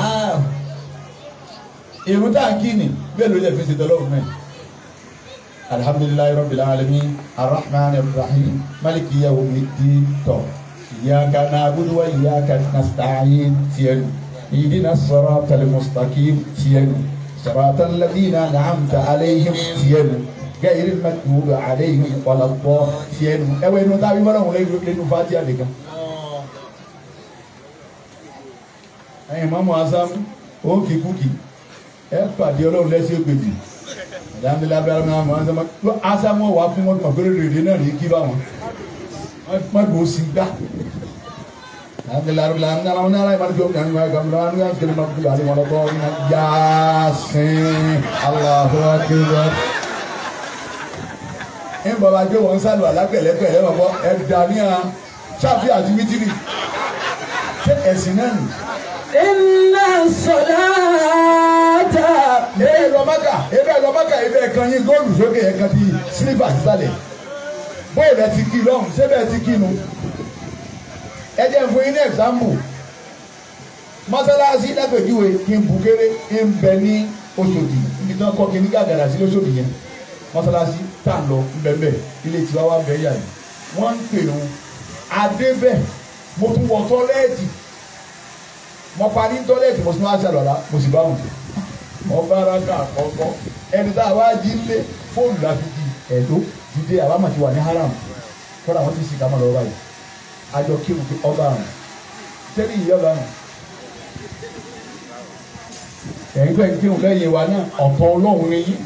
ìrú tá ni bẹ́ẹ̀ ló lè fi ṣe tọ́lọ́run mẹ́rin alhamdulilayi rabbil alamin arahman arahim maliki yawmi din tọ iyyaka na'budu wa iyyaka nasta'in tiẹnu ihdina siratal mustaqim tiẹnu siratal ladina an'amta alayhim tiẹnu gẹyìrì mẹtòwúlò alayhim wàlàbọ tiẹnu ẹwẹ inú tábí mọdà wọlé lẹnu fàtíà nìkan. ẹyin mọ́mú asam ó kíkú kì ẹ pàdé ọlọ́run lẹ́sẹ̀ gbèjì alhamdulilayi abudulayi abudulayi mọ asama lọ asama wà fún wọn kàn péré rèé náà rèé kí bá wọn má dùn ó sì gbá alhamdulilayi abudulayi abudulayi mọ n'ala yẹ ma jọ ọmọdé wa gàmúlò wa nígbà kele ma kúlò àti wọn kọ ọmọ yaasin alahu akbar ẹ bàbá jẹ wọn sálù alágbẹlẹgbẹlẹ bàbá ẹ dàníyà sáfì àti wítìrì ẹsìn náà nì. iná sọ̀rọ̀ ee lọ maka ebe lọ ebe kan yín góòlù sókè ẹ̀ kan ti sílífà sísàlẹ̀ bóyá rẹ ti kí lọ́hùn sébẹ̀ ti kí nu ẹ fún yín ní ẹ̀sáǹpù mọ́sálásí lápèjúwe kí n bùkéré ń bẹ ní Òṣòdì níbi tí wọ́n kọ́ kí ní gàgàrà sí lóṣòdì yẹn mọ́sálásí tá lọ ńbẹ̀ńbẹ̀ ilé tiwa wa bẹ̀ yà yìí wọ́n ń pè wọn adébẹ̀ mo tún wọ tọ́lẹ́ẹ̀tì mo parí tọ́lẹ́ẹ̀tì mo sì máa ń ṣàlọ́lá mo sì bá wọn jẹ ọbaara ka àkọ́kọ́ ẹni tá a wá jí lé fóònù la fi di ẹ̀dọ́ dídé àwa mà ti wà ní haram kọ́ra wọn ti sì ká mọ̀ lọ́wọ́ báyìí ọba àrùn sẹ́ni ìyá ọba àrùn ẹ̀yin tó ń kírun lẹ́yìn wa náà ọ̀kan ọlọ́run ni yín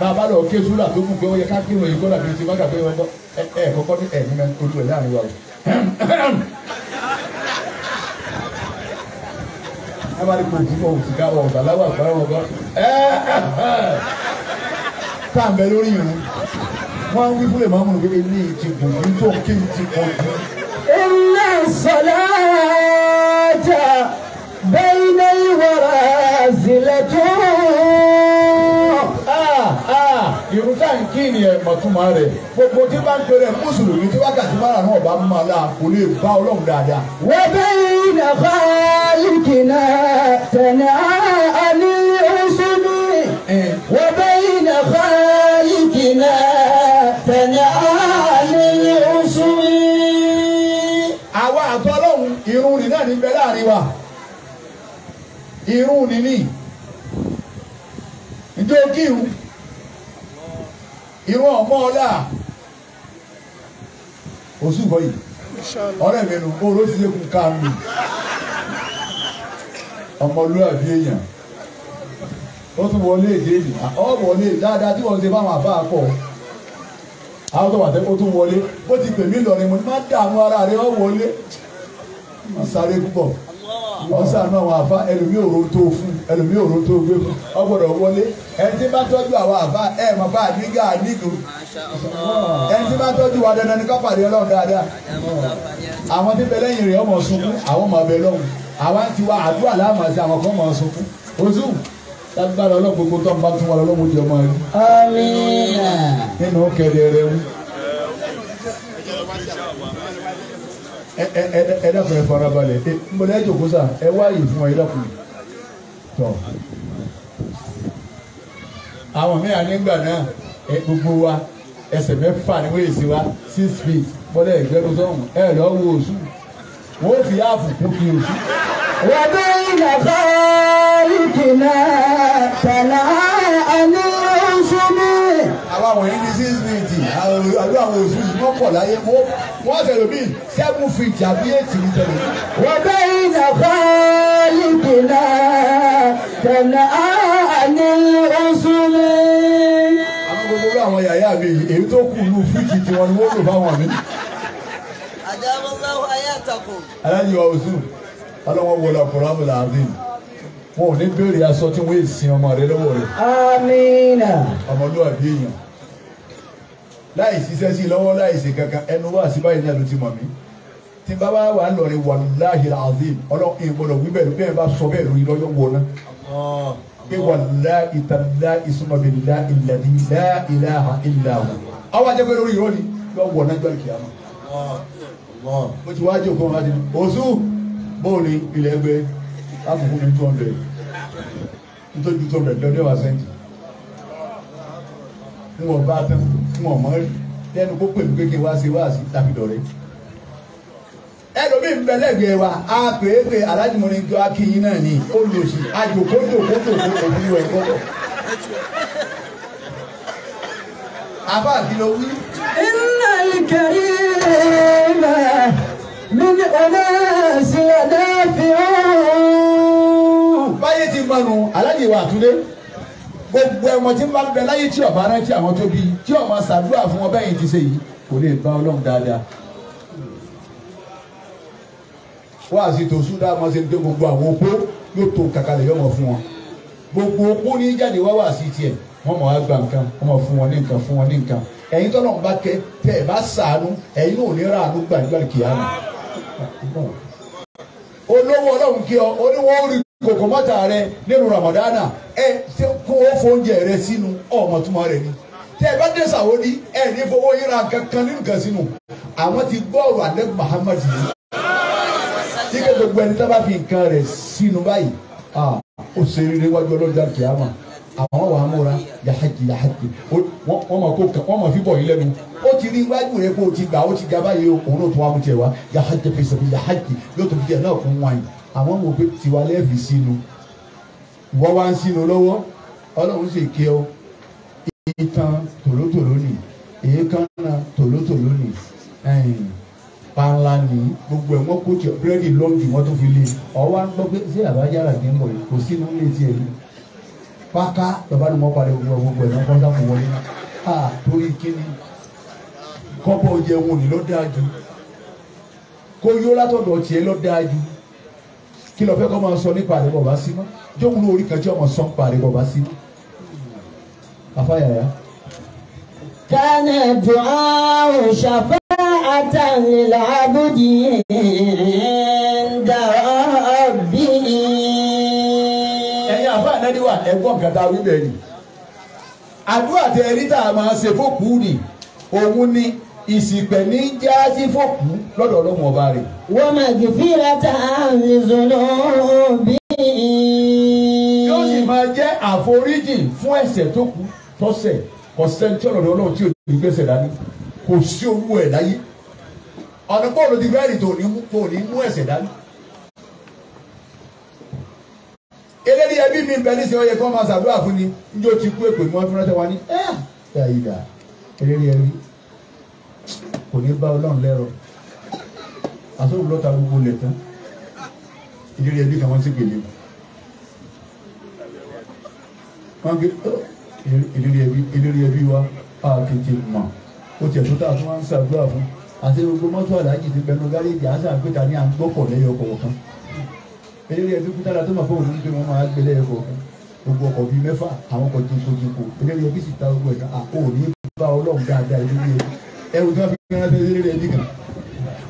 bá a bá lọ ké tó kù pé ó yẹ ká èyí ti ẹ bá ní kò tí wọn ti ká wọn ọgbà àgbà wọn ọgbà ẹ tá à ń bẹ lórí yìí wọn wí fún lè máa mú un pé ní ti gùn ní tó kí n ti kọ jù. iná sọlá jà bẹ́ẹ̀ ní ìwọ̀ra àzìlẹ̀ tó. Ah, irun tá n kí ni ẹ̀mọ̀ túmọ̀ rẹ̀ gbogbo tí bá ń pèrè mùsùlùmí tí wákàtí mara náà bá mú ala kò lè bá ọlọ́run dáadáa. wọ́n bẹ́ iná kọ́lìkìnà tẹ̀lé àní ọ̀ṣunmi. wọ́n bẹ́ iná kọ́lìkìnà tẹ̀lé àní ọ̀ṣunmi. àwa àtọ́lọ́hún irun ni náà ní bẹ láàrin wa irun ni ní ìjọ kírun ìwọ ọmọ ọlá oṣù bọyì ọ̀rẹ́ mi nu oró ti yẹ kó ká mi ọmọlúwàbí èèyàn ó tún wọlé èdè ni ọ wọlé dáadáa tí wọ́n ṣe báwọn àfa pọ̀ àwọn tó wà tẹ́ ó tún wọlé ó ti pè mí lọ́rin mo ní má dààmú ara rẹ ọ wọlé má sáré púpọ̀ wọ́n sànú àwọn àfa ẹlòmí òró tó fún ẹlòmí òró tó gbé fún ọgbọ́dọ̀ wọlé ẹni bá tọ́jú àwọn àfa ẹ̀ mọ̀ bá nígà nígò ẹni bá tọ́jú wa dandan ní ká ọlọ́run dáadáa àwọn tí bẹ́ẹ̀ lẹ́yìn rẹ̀ ọmọ sunkún àwọn ọmọ ọbẹ̀ lọ́hùn àwa ti wá àdúrà láàmú àti àwọn kan máa sunkún ojú lágbára ọlọ́gbogbo tó ń bá tún wa lọ́wọ́ ọmọ rẹ̀. àmín. nínú kẹ̀dẹ̀ rẹ̀ ẹ dàpọ̀ ẹ farabalẹ̀ ẹ mbọ̀dọ̀ ẹ jòkó sà ẹ wáyé fún ẹ dàpọ̀ tọ̀. àwọn mìíràn nígbà náà ẹ gbogbo wa ẹsẹ̀ mẹ́fà ni wọ́n yè sí wa six feet bọ́lá ẹ̀gbẹ́rún sọ́hún ẹ lọ́ wo oṣù wọ́n fi áàfù kú kí oṣù. wàá bí ìyàgbọ́ ìkìlẹ̀ tẹ̀lé àánú àwọn yìí ní six feet àlú àwọn oṣù yìí wọ́n pọ̀ láyé wọ́n wọ́n tẹ̀lé mi seven feet àbí eight ní tẹ̀lé. wọ́pẹ́ ìyàpá ìgbìnà tẹ̀lé àní oṣù mi. àwọn gbogbo àwọn yàyà mi èyí tó kù lù fíìtì tiwọn ni wọ́n lò fáwọn mi. àjàmọ́ ayé àtàkùn. aláàjì wa oṣù ọlọ́wọ́ wọlé ọkùnrin àmì làbíyìn ò ní béèrè aṣọ tí wọn èsì ọmọ rẹ lọ́wọ́ rẹ. amina. ọmọlúwàbí èèyàn láì ṣiṣẹ́ sí lọ́wọ́ láì ṣe kankan ẹnu wá sí báyìí náà ló ti mọ̀ mí tí n bá bá wà lọ́ọ̀rẹ́ wàláhì azim ọlọ́run èèyàn gbọ́dọ̀ wí bẹ́ẹ̀ bẹ́ẹ̀ bá sọ bẹ́ẹ̀ lórí lọ́jọ́ wo ná. pé wàláhì tàlá ìsúnmọ̀bìlá ìlàdí lá ìlàhà ìlàhù. àwọn ajẹ́pẹ́ lórí ìrọ́ ni yọ wọ̀ náà jọ́ kìámà. mo ti wájú òkú wa ti ní oṣù bóòlù ilẹ̀ ẹgbẹ́ láti fún mi two hundred nítorí two lọ́dẹ̀ wá sẹ́ńtì ń wọ̀n bá tán ń wọ̀n mọ́ lẹ́nu kó pè pé kí wá ṣe wá sí tàbí dọ̀rẹ́. ẹlòmíì ń bẹ lẹ́gbẹ̀ẹ́ wa a pè é pé alájùmọ̀rin jọ akínyìn náà ni ó lò sí àjòkójòkójòkó òwúrò ẹ̀ gbọ́dọ̀. àbá àbílẹ̀ wí. iná ìkẹyì rẹ̀ mi ní ọ̀nà ìsìn ẹ̀dá fi hàn. báyé ti mọnu alájì àtúndé gbogbo ẹmọ tí ń bá bẹ láyé tí ọba rántí àwọn tó bí tí ọmọ ṣàdúrà fún wọn bẹ́yìn ti ṣe yìí kò lè bá ọlọ́run dáadáa. wọ́n àti tòṣù dá máa ṣe ń tó gbogbo àwọn opó yóò tó kàkàlẹ̀ yọmọ fún wọn gbogbo opó ní jáde wá wà sí tiẹ̀ wọ́n mọ̀ á gba nǹkan wọ́n mọ̀ fún wọn ní nǹkan fún wọn ní nǹkan ẹ̀yin tọ́lọ́run bá kẹ́ tẹ́ ẹ̀ bá ṣàánú ẹ̀yin ò ní ra àánú gbàgbà kìí àná olówó ọlọ́run kí ọ oníwọ̀n orí kòkò mọ́tà rẹ nínú ramadana ẹ kó o fóúnjẹ rẹ sínú ọmọtúmọ̀ rẹ ni tẹ ẹ bá dé sàwọ́dí ẹ ní fowó yíra kankan nínú kan sínú àwọn ti gbọ́ ọ̀rọ̀ alẹ́ Muhammad yìí tí kò gbogbo ẹni tábà fi nǹkan rẹ sínú báyìí o ṣe eré níwájú ọlọ́jà kìámà àwọn wàá múra yàhàjì yàhàjì wọ́n máa kó kàn wọ́n máa fi bọ̀ yín lẹ́nu ó ti rí iwájú rẹ kó o ti gbà ó ti gbà báyìí òun náà tó wà mú tiẹ̀ wá yàhàjì fèsì yàhàjì yóò tó fi jẹ náà fún wáyìí àwọn wò pé tiwa lẹ́ẹ̀fì sínú wọ́n wá ń sínú lọ́wọ́ ọlọ́run sì kí ọ ìtàn tòlótòló nì èékánná tòlótòló nì panla nì gbogbo ẹ̀ wọ́n kó tiẹ̀ búrẹ́dì lọ́ọ̀dì wọ́n tó fi lé ọwọ́ ń gbọ́ pé sí àbájára ní mọ̀ kò sínú lè tiẹ̀ ní pátá bàbá ni wọ́n parí gbogbo gbogbo ẹ̀ náà kọ́ sáfù wọlé náà torí kíni kọ́bọ̀ jẹun ò ní lọ́ọ́ dáa ju kó yó látọ̀dọ̀ tiẹ̀ lọ́ọ́ dáa ju kí lọ fẹ́ kọ́ máa sọ nípa àrẹ bọ̀bá sí mọ́ jókòó lórí kan tí ọmọ sọ nípa àrẹ bọ̀bá sí mọ́. àfáyàyà. kánà dùn áwò ṣàfẹ́ àtàlélà àbúdí ẹ̀ẹ́dà ọ̀bí. ẹ̀yin àfa ànádi ẹ̀gbọ́n kàtà wíbẹ̀ ni àdúrà tẹ ẹ̀rí tá a máa ṣe fókùú ni òun ni ìsìnkpẹ̀ ní jáde fòkù lọ́dọ̀ ọlọ́mọ ọba rẹ̀. wọ́n máa gbé fíra tá a lè zọlọ́ bí. yóò sì máa jẹ́ àforíjì fún ẹ̀ṣẹ̀ tó kù tọ́ṣẹ̀ kò sẹ́ńtì ọ̀dọ̀ ọlọ́run tí òní gbèsè dání kò sí owó ẹ̀ láyé ọ̀nà bọ́ọ̀lù ti bẹ́ẹ̀rì tó ní mú ẹ̀ṣẹ̀ dání. eléyìí ẹbí mi bẹ nísìnyí ọyẹ kọ́ máa ṣàdúrà fún ni njó ti kú èpè mọ́ fúnra tẹ ní ẹ̀ dáadáa eléyìí ẹbí kò ní bá ọlọ́run lẹ́rọ àsọ̀rọ̀ lọ́ta gbogbo lẹ̀ tán ìdílé ẹbí kan wọ́n sì gbèlè wọ́n gbé ìdílé ẹbí wa a tètè mọ̀ ó tiẹ̀ tó tá a tún wá ń ṣàdúrà fún àti gbogbo mọ́tò àdájì ti bẹnu gáréèjì àṣà àgbéta ní à ń gbọ́pọ̀ lẹ́yọ kọ̀ọ̀kan ìdílé ẹbí kúta la tó mọ̀ fóònù ń gbé wọn máa gbé lẹ́yọ kọ̀ọ̀kan gbogbo ọkọ̀ bíi mẹ́fà àwọn ọkọ̀ jinko jinko ìdílé ẹbí sì ta gbogbo ẹ̀ka àkóò ní bá ọlọ́run ẹrù tí wọ́n fi ránṣẹ́ sí rẹ̀ nìkan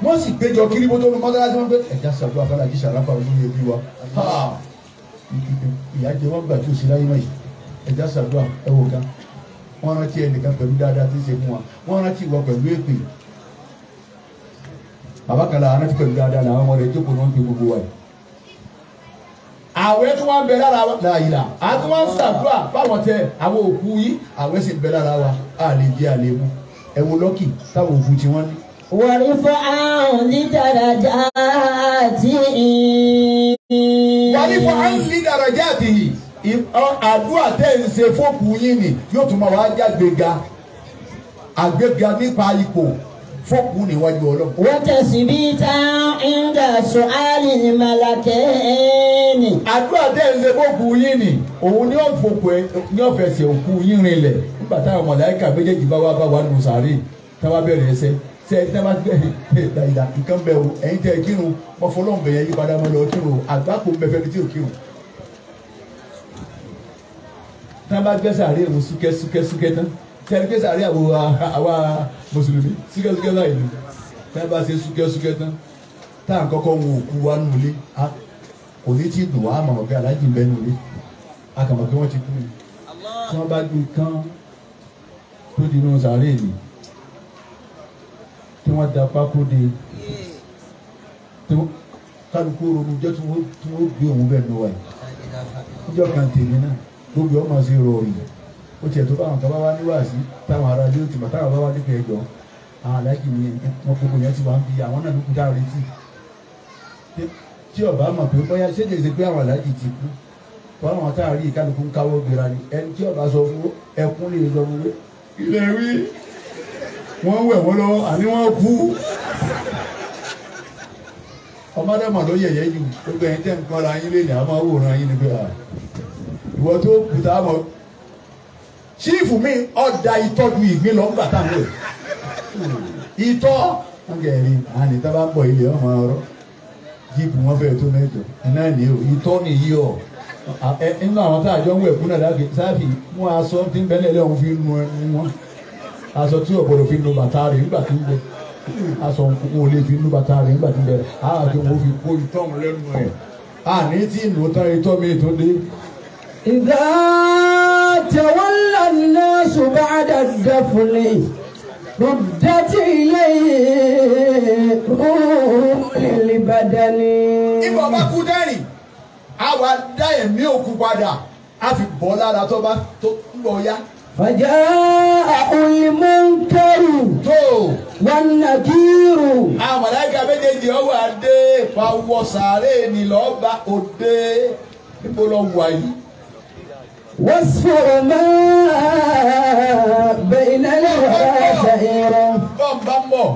wọ́n sì péjọ kiri bó tó lu mọ́tàlásí wọn pé ẹ̀já sàdúrà fẹ́lá jí sàràfà olórí ẹbí wa ìyá jẹ wọn gbà tó sí láyé wọ̀nyí ẹ̀já sàdúrà ẹ wò ká rántí ẹnìkan pẹ̀lú dáadáa tí ń ṣe fún wa wọ́n rántí ìwọ pẹ̀lú èpè bàbá kan là rántí pẹ̀lú dáadáa làwọn ọmọ rẹ̀ jókòó náà ń pe gbogbo wa yìí àwẹ̀ tí wọ́n bẹ lára wa láàyè la àti wọ́n ń fáwọn tẹ àwọn òkú yìí àwẹ̀ sì bẹ lára wa àlejò àlejò ẹ wo lọ́kì táwọn òògùn tí wọ́n ní. wọ́n fọ́ àwọn onídàrájà àti ìhìn. wọ́n fọ́ àwọn onídàrájà àti ìhìn àdúrà tẹ́ ń ṣe fóòkù yín ni yóò tún máa wá jágbéga àgbéga nípa ipò fọ́ọ̀kù níwájú ọlọ́run. wọ́n tẹ̀sí bí tá ìgbà sọ àlè ní malakẹ́ ẹ̀ẹ́nì. àdúrà tẹ́ ń ṣe fóòkù yín ni òun ni ó fòkù ẹ ní ọ̀fẹ́sẹ̀ òkú yín rinlẹ̀ bàtà àwọn màláíkà méjèèjì bá wá bá wà nù sàárè táwa bẹ̀rẹ̀ ẹsẹ̀ ṣe ẹ tẹ́ bá bẹ̀rẹ̀ dàda nǹkan bẹ̀ o ẹ̀yin tẹ́ kírun mọ́fọ́lọ́hún bẹ̀yẹ yí padà mọ́ lọ kírun àgbákò mẹ́fẹ́ ni tí ò kírun. táwa bá gbẹ́ sàárè mu súkẹ́ súkẹ́ súkẹ́ tán tẹ́lẹ̀ gbé sàárè àwa mùsùlùmí súkẹ́ súkẹ́ láì ní táwa bá ṣe súkẹ́ súkẹ́ tán táà kọ́kọ́ wo òkú wa nulẹ̀ kò ní tí dùn wá àmọ̀ ọ̀gá alájì bẹ́ẹ̀ nulẹ̀ akàmọ̀ pé wọ́n ti kú tó di inú sàárè mi tí wọ́n da pákó de tó kálukú ronú jẹ́ tí wọ́n gbé òun bẹ́ẹ̀ lọ́wọ́ yìí níjọ́ kan tèmi náà gbogbo ọmọ sí rọ yìí ó tiẹ̀ tó bá àwọn kan bá wá níwáàsí táwọn ará ilé òtún bàtà bá wá nípa ẹ̀jọ́ àwọn aláìkí ni wọn gbogbo yẹn ti wá ń bi àwọn náà ló kú dáa retí tí ọba mọ̀ pé bóyá ṣé kìí ṣe pé àwọn aláìkí ti kú fún àwọn táàrí ìkálukú ń káwọ́ gbéra ni ẹni tí ọba sọ fún ẹkún lè lọ fún ilé wí wọ́n wẹ̀ wọ́n lọ àní wọ́n kú ọmọdéma ló yẹ̀yẹ́ jù gbogbo ẹ̀yin tẹ́ ń kọ́ra yín lé ní a máa wòran yín ni pé à ìwọ tó kùtà mọ́ ṣífù mi ọ̀dà ìtọ́jú ìgbín lọ ń gbà tá à ń lò ìtọ́ ọ̀gẹ̀rì àní tá a bá ń bọ̀ ilé ọmọ ọ̀rọ̀ jíìpù wọn fẹ́ẹ́ tó mẹ́jọ ẹ̀ náà ní o ìtọ́ nìyí ọ̀ nínú àwọn tá a ń wẹ̀ kúnlẹ̀ láti sáfì mú aṣọ tí ń bẹ lẹ́lẹ́ fi nu ẹnu wọn aṣọ tí ọ̀gbọ̀dọ̀ fi nu bàtà rẹ̀ nígbà tí ń bẹ aṣọ òun lè fi nu bàtà rẹ̀ nígbà tí ń bẹ àwọn òun fi kó ìtọ́hún lẹ́nu ẹ̀ àní tí ìnù tán itọ́ mi tó dé. ìdá tẹ̀wọ́lá náà ṣùgbọ́n àdàdà fúnlẹ̀ ردت إليه روح البدن. Ìbọ̀ bá kú dẹ́rìn a wá dá ẹ̀mí òkú padà a fi bọ́ lára tó bá tó ń lọ yá. Fàjà àkùnlémọ́ńkẹ́rù. Tó. Wànàkírù. Àmàlẹ́kà méjèèjì ọwọ́ adé fàwọ̀ sàárè ni lọ́ba òde níbo lọ wà yìí. Wọ́n sọ̀rọ̀ máa bẹ iná lẹ́wọ̀ ẹ̀ṣẹ̀ ìrọ̀. Bọ́m̀bá mọ̀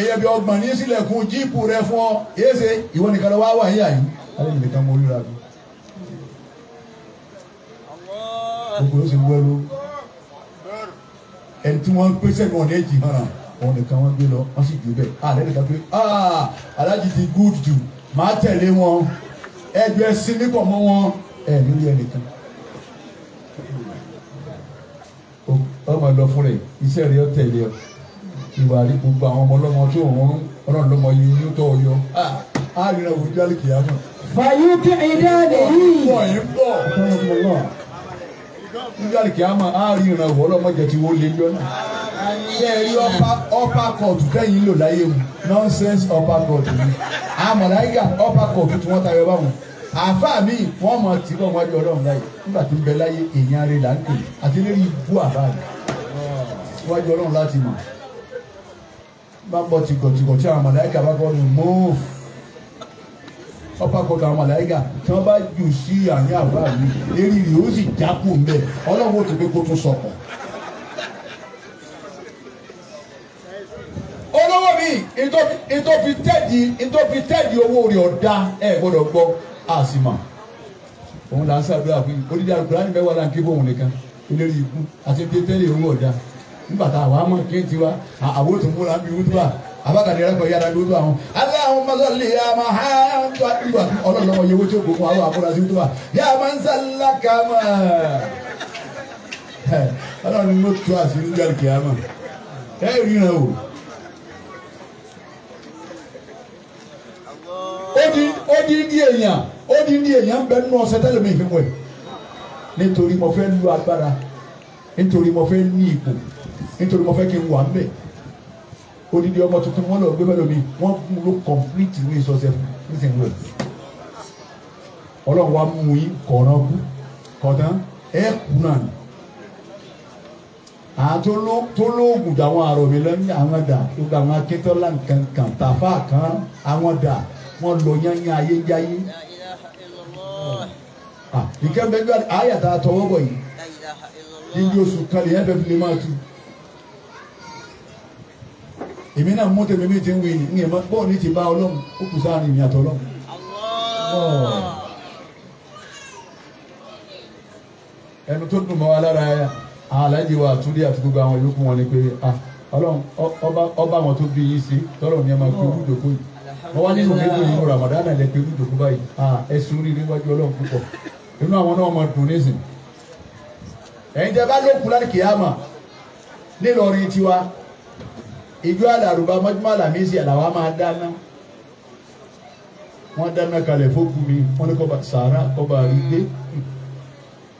èyàn bí ọgbọ̀n ní sílẹ̀kùn jíìpù rẹ fún ọ. Yéèṣe ìwọ nìkan lọ wá wà yíyà yìí. Alẹ́ nìkan mo ríra mi. gbogbo yóò ṣe wẹ́lú ẹni tí wọ́n gbé sẹ́nu ọ̀nà ẹ̀jì hàn ọ̀hún nìkan wọ́n gbé lọ wọ́n sì jù bẹ́ẹ̀ àlẹ́ nìkan pé aláàjì ti good jù máa tẹ̀lé wọn ẹgbẹ́ sí nípọ̀ mọ́ wọn ẹ̀ lórí ẹnìkan ọmọ ẹ lọ fún rẹ iṣẹ́ rẹ tẹ̀lé ọ ìwà rí gbogbo àwọn ọmọ ọlọ́mọ tó ń rún ọlọ́run lọ́mọ yìí ní tó yọ á rí ra òwúrọ̀ jálè kìá mọ̀. fàyè kí ẹ̀dá lè ọ̀pọ̀ yìí pọ̀ nígbà kí a àárín ìrànwọ́ ọlọ́mọdé tí wọ́n lé ń dọ́nà. ṣé ẹ rí upper court kẹ́yìn lò láyé mu nonsense upper court ni àmàlàyà upper court tí wọ́n tayọ báwọn àfáà mi wọ́n mọ̀ tí wọ́n wájú ọlọ́run láyé nígbà tí ń bẹ láyé èèyàn rẹ̀ là ń pè àti lérí ibú àbá rẹ̀ wájú ọlọ́run láti mọ̀ bá bọ̀ tìkọ̀tìkọ̀ tí àwọn àmàlàyà kọ́ ni move. ọ̀pàkọ̀tà àwọn màláìkà tí wọ́n bá jù sí àárín àbá mi eré rè ó sì jákù mbẹ ọlọ́run ò tún pé kó tún sọ̀kọ̀. olówó mi ìtòfi tẹ́ẹ̀dì owó rẹ̀ ọ̀dà ẹ̀ gbọ́dọ̀ gbọ́ àsìmọ̀ òun là ń fún onídìí ni mẹ́wàá là ń nìkan olórí ikú àti owó nígbà tá mọ̀ kí abaka nira gbọ yàrá gbogbo àwọn Allahumma salli ya mahamba ìgbà ọlọ́lọ́mọ yẹwò tí o gbogbo àwọn afurasí tó wà yà á máa ń sálá kama ọlọ́run ló tó àṣírí jáde kìámà ẹ ríran o. ó di di èèyàn ó di di èèyàn ń bẹ nínú ọsẹ tẹ́lẹ̀ mi ìfimọ ẹ nítorí mo fẹ́ lu agbára nítorí mo fẹ́ ní ipò nítorí mo fẹ́ kí n wà ń odidi ọmọ tuntun wọn lọ gbé bẹ́ẹ̀ lómi wọ́n mú ló complete ìwé ìsọsẹ̀ prison well ọlọ́run wa mú yín kọ̀ọ̀rọ̀ kú kọ̀tán ẹ̀ kú náà ni àwọn tó lóògùn àwọn àròmí lẹ́yìn àwọn dà gbogbo àwọn akẹ́tọ́lá nǹkan kan tàfà kan àwọn dà wọ́n lọ yányán ayéjáyé ìkẹ́ńbẹ́gbẹ́ àyàtà tọwọ́ bọ̀ yìí iye oṣù kan lè yẹn fẹ́ fi lè máa tu. èmi náà mú tèmi mi ti ń wí ni ń yẹn ti bá ọlọ́run ó kù sáà ni ìyìn àtọ̀ ọlọ́run. ẹnu tó dùn mọ́ wa lára ẹ aláìjì wa ni pé ọlọ́run ọba àwọn tó bí yín sí tọ́lọ̀ ẹ máa yìí wọ́n wá nínú báyìí ẹ̀sùn rí níwájú ọlọ́run púpọ̀ inú àwọn náà dùn nísìn ẹ̀yin bá lókun láti kìí àmà nílọrin ìjọ àlàrúbá mọ́júmọ́ àlàmísì àlàwà máa dáná wọ́n dáná kalẹ̀ fókun mi wọ́n ní kọba sàárà kọba àrígbé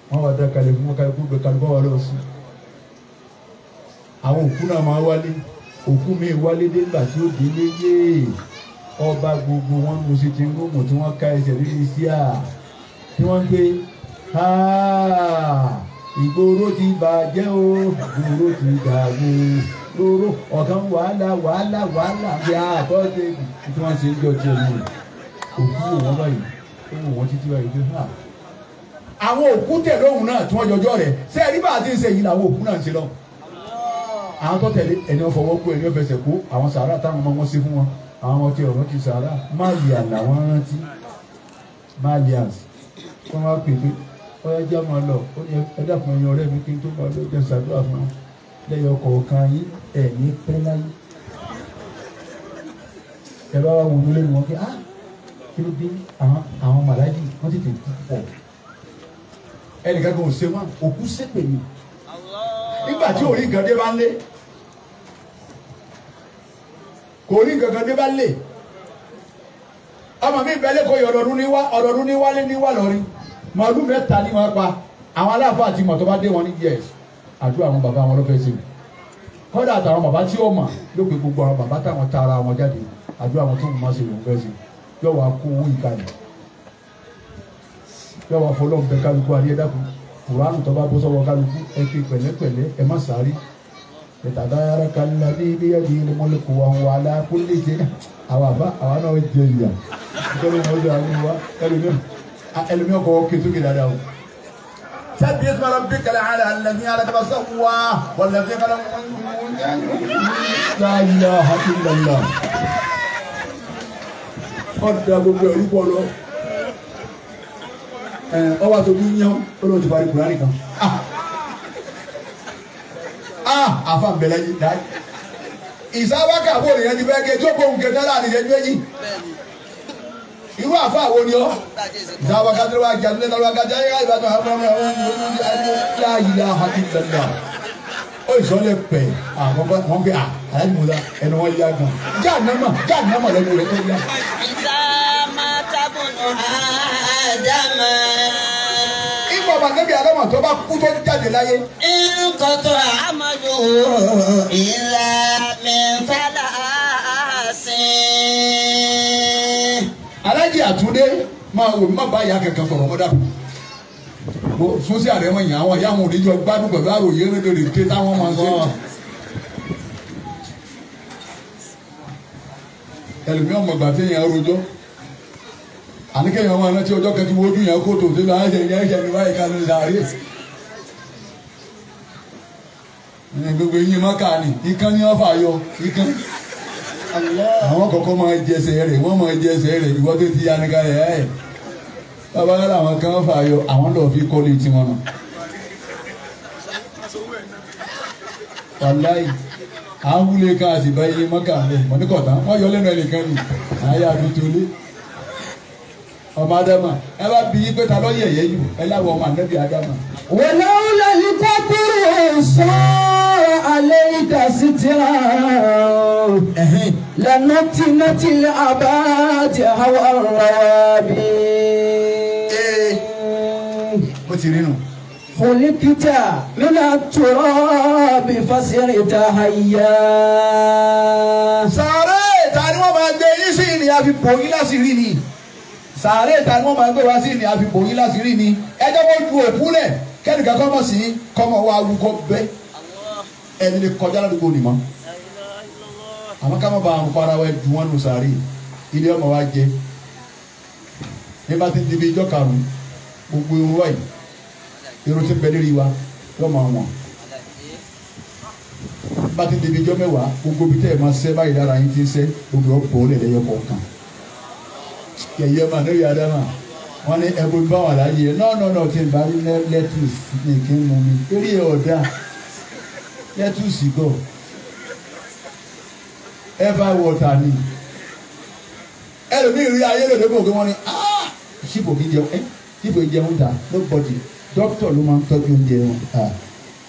wọ́n wà dá kalẹ̀ fún kalẹ̀ fún kalẹ̀ fún wàlẹ́ ọ̀sùn àwọn òkú náà máa wálé òkú mi wálé dé nígbà tí ó délé yéé ọba gbogbo wọn mo sì ti ń gbóòmù tí wọ́n ká ẹsẹ̀ nínú iṣẹ́ à tí wọ́n gbé ìgboro ti bàjẹ́ o ìgboro ti dàgbò lóró ọ̀kan wàhálà wàhálà wàhálà bí a kọ́ ṣe tí wọ́n ṣe ń jọ jẹ́ ẹ̀mí rẹ̀ òkú wò wọ́n báyìí ó wò wọ́n títí báyìí pé ha. àwọn òkú tẹ̀lé òun náà tí wọ́n jọjọ́ rẹ̀ ṣé ẹ̀rí bá a ti ń ṣe yìí làwọn òkú náà ń ṣe lọ. àwọn tó tẹ̀lé ẹni ọfọwọ́ kú ẹni ọfẹsẹ̀ kú àwọn sàárà táwọn ọmọ wọn ṣe fún wọn àwọn ọmọ tí ọ̀rọ̀ ti sàárà máàlì àlà wọn rántí máàlì àǹsì wọn wá pèpè ọyá jẹ́ ọmọ lọ ó ní ẹ dàpọ̀ ẹ̀yìn ọ̀rẹ́ mi kí n tó máa lọ lẹ́yọ kọ̀ọ̀kan yín ẹ̀mí pẹ́ láyé ẹ bá wà wọnú lẹ́nu wọn pé ah kí ló dé àwọn màláyì wọ́n tètè kú pọ̀ ẹnìkan kan ò ṣe wọn òkú ṣépè mi nígbà tí orí nǹkan dé bá lé kò rí nǹkan kan dé bá lé ọmọ mi bẹ́lẹ̀ kò yọ ọdọọdún ní wá ọdọọdún ní wálé ní wá lọ́rí màálù mẹ́ta ni wọ́n pa àwọn aláàfáà ti mọ̀ tó bá dé wọn ní díẹ̀ yìí àdúrà àwọn bàbá wọn lọ́fẹ̀ẹ́ sí mi kọ́dà àtàwọn bàbá tí ó mà ló pe gbogbo àwọn bàbá táwọn ta ara wọn jáde àdúrà àwọn tó mú máa ṣe lòún fẹ́ sí mi yóò wá kó owó ìkàlẹ̀ yóò wá fọlọ́run bẹ kálukú adé dákú kùránù tó bá bọ́ sọ́wọ́ kálukú ẹ pé pẹ̀lẹ́pẹ̀lẹ́ ẹ má sáré ìtàdáyàrá kalẹ̀ ní ibi ẹ̀dí ni mo lè kó àwọn alákúnlé jẹ àwọn àbá àwọn náà jẹ سبح اسم ربك الاعلى الذي خلق فسوى والذي خلق لا اله الا الله ọdọ gbogbo ẹrú bọ lọ ẹ ọwọ àtọbí yẹn olóòtú parí kùránì kan ah àfa bẹlẹ yìí dáì ìsáwákà bò lè yẹn ti bẹ kẹ tó kó nǹkan náírà nìyẹn méjì irú àfa àwo ni ọ́ ìdáwà kájọ wa jà nílẹ̀ lọ́wọ́ kájọ ayé ìbátan àbúrò àwọn olùdókòwò láàyè láàhà ní gbàgbà ó ìsọlẹ̀ pẹ̀ àwọn bá wọn bẹ àyájú mọ́ta ẹni wọ́n yá gan já nàmà já nàmà lẹ́nu rẹ̀ tó yá. tábùnù àdámà. Ìgbà ọba níbi àdámà bá kú tó jáde láyé. Nǹkan tó àmọ́ ìlà. Àtúndé máa wò má bá kankan sọ̀rọ̀ mọ́ dàbí fún sí àrẹ wọn yàn àwọn ìyá wọn ò ní jọ gbádùn pẹ̀lú àròyé rédèrè ké táwọn máa ń sọ. ẹlòmíràn mọ̀gbà tí yẹn rojọ́ àníkẹ́yìn ọmọ ẹ̀rọ tí yẹn kó tó yẹn àwọn kọ̀ọ̀kan máa jẹsẹ̀ rẹ̀ wọ́n máa jẹsẹ̀ rẹ̀ ìwọ́n tó ti yanika rẹ̀ ẹ̀ babaláwo àwọn kan fà yọ àwọn lọ fi kọ́lé tiwọn nù. wàláyé àwọn wúlé ká àti báyé mọ́kà rẹ̀ mọ́nìkọ̀tà wọ́n yọ lẹ́nu ẹnìkan nù àyà àdútò lé ọmọ adama ẹ bá bí pé ta ló yẹ yẹ jù ẹ láwọ ọmọ anabi adama. wọlé wúlò yìí kó kúrò sọ alẹ́ ìdá sí tíra lẹ́nu tí nàtí àbá ti àwọn ọ̀rọ̀ bí. ó ti rí nù. خلقت من التراب فصرت حيا sàárè ta ni wọ́n máa gbé yín sí ni a yín láti rí ni sàárè ta ni wọ́n máa ń gbé wá sí ni àfi bòyí láti rí ni ẹjọ́ kó ju òkú lẹ̀ kẹ́nìkan kọ́ mọ̀ sí kọ́mọ wa wú kó bẹ́ ẹni lè kọjá ládùúgbò nìmọ́ àmọ́ ká má ba àwọn para wa ju wọn nù sàárè ilé ọmọ wa jẹ nígbà tí dibi ijọ́ karùn-ún gbogbo irun wa yìí irun ti bẹ́ẹ̀ lérí wa yọmọ àwọn nígbà tí dibi ijọ́ mẹ́wàá gbogbo bí tẹ́ ẹ̀ máa ṣẹ́ báyìí lára yín ti ń gbogbo ọ̀ bọ̀ kọ̀ọ̀kan yẹ̀yẹ́ ma ní yàrá ma wọ́n ní ẹ̀bù bá wà láyé nọ́ọ̀nọ́ọ̀nọ́ kí n bá rí lẹ́tùs ní kí n mú mi eré ọ̀dà lẹ́tùs gọ̀ ẹ̀fà wọ̀tà ni ẹlòmíì rí ayé lòdì kò kí wọ́n ní ah ṣìbò kí jẹun ẹ́ eh? ṣìbò kí jẹun dà nobody dókítà ló máa ń tọ́jú oúnjẹ wọn ah!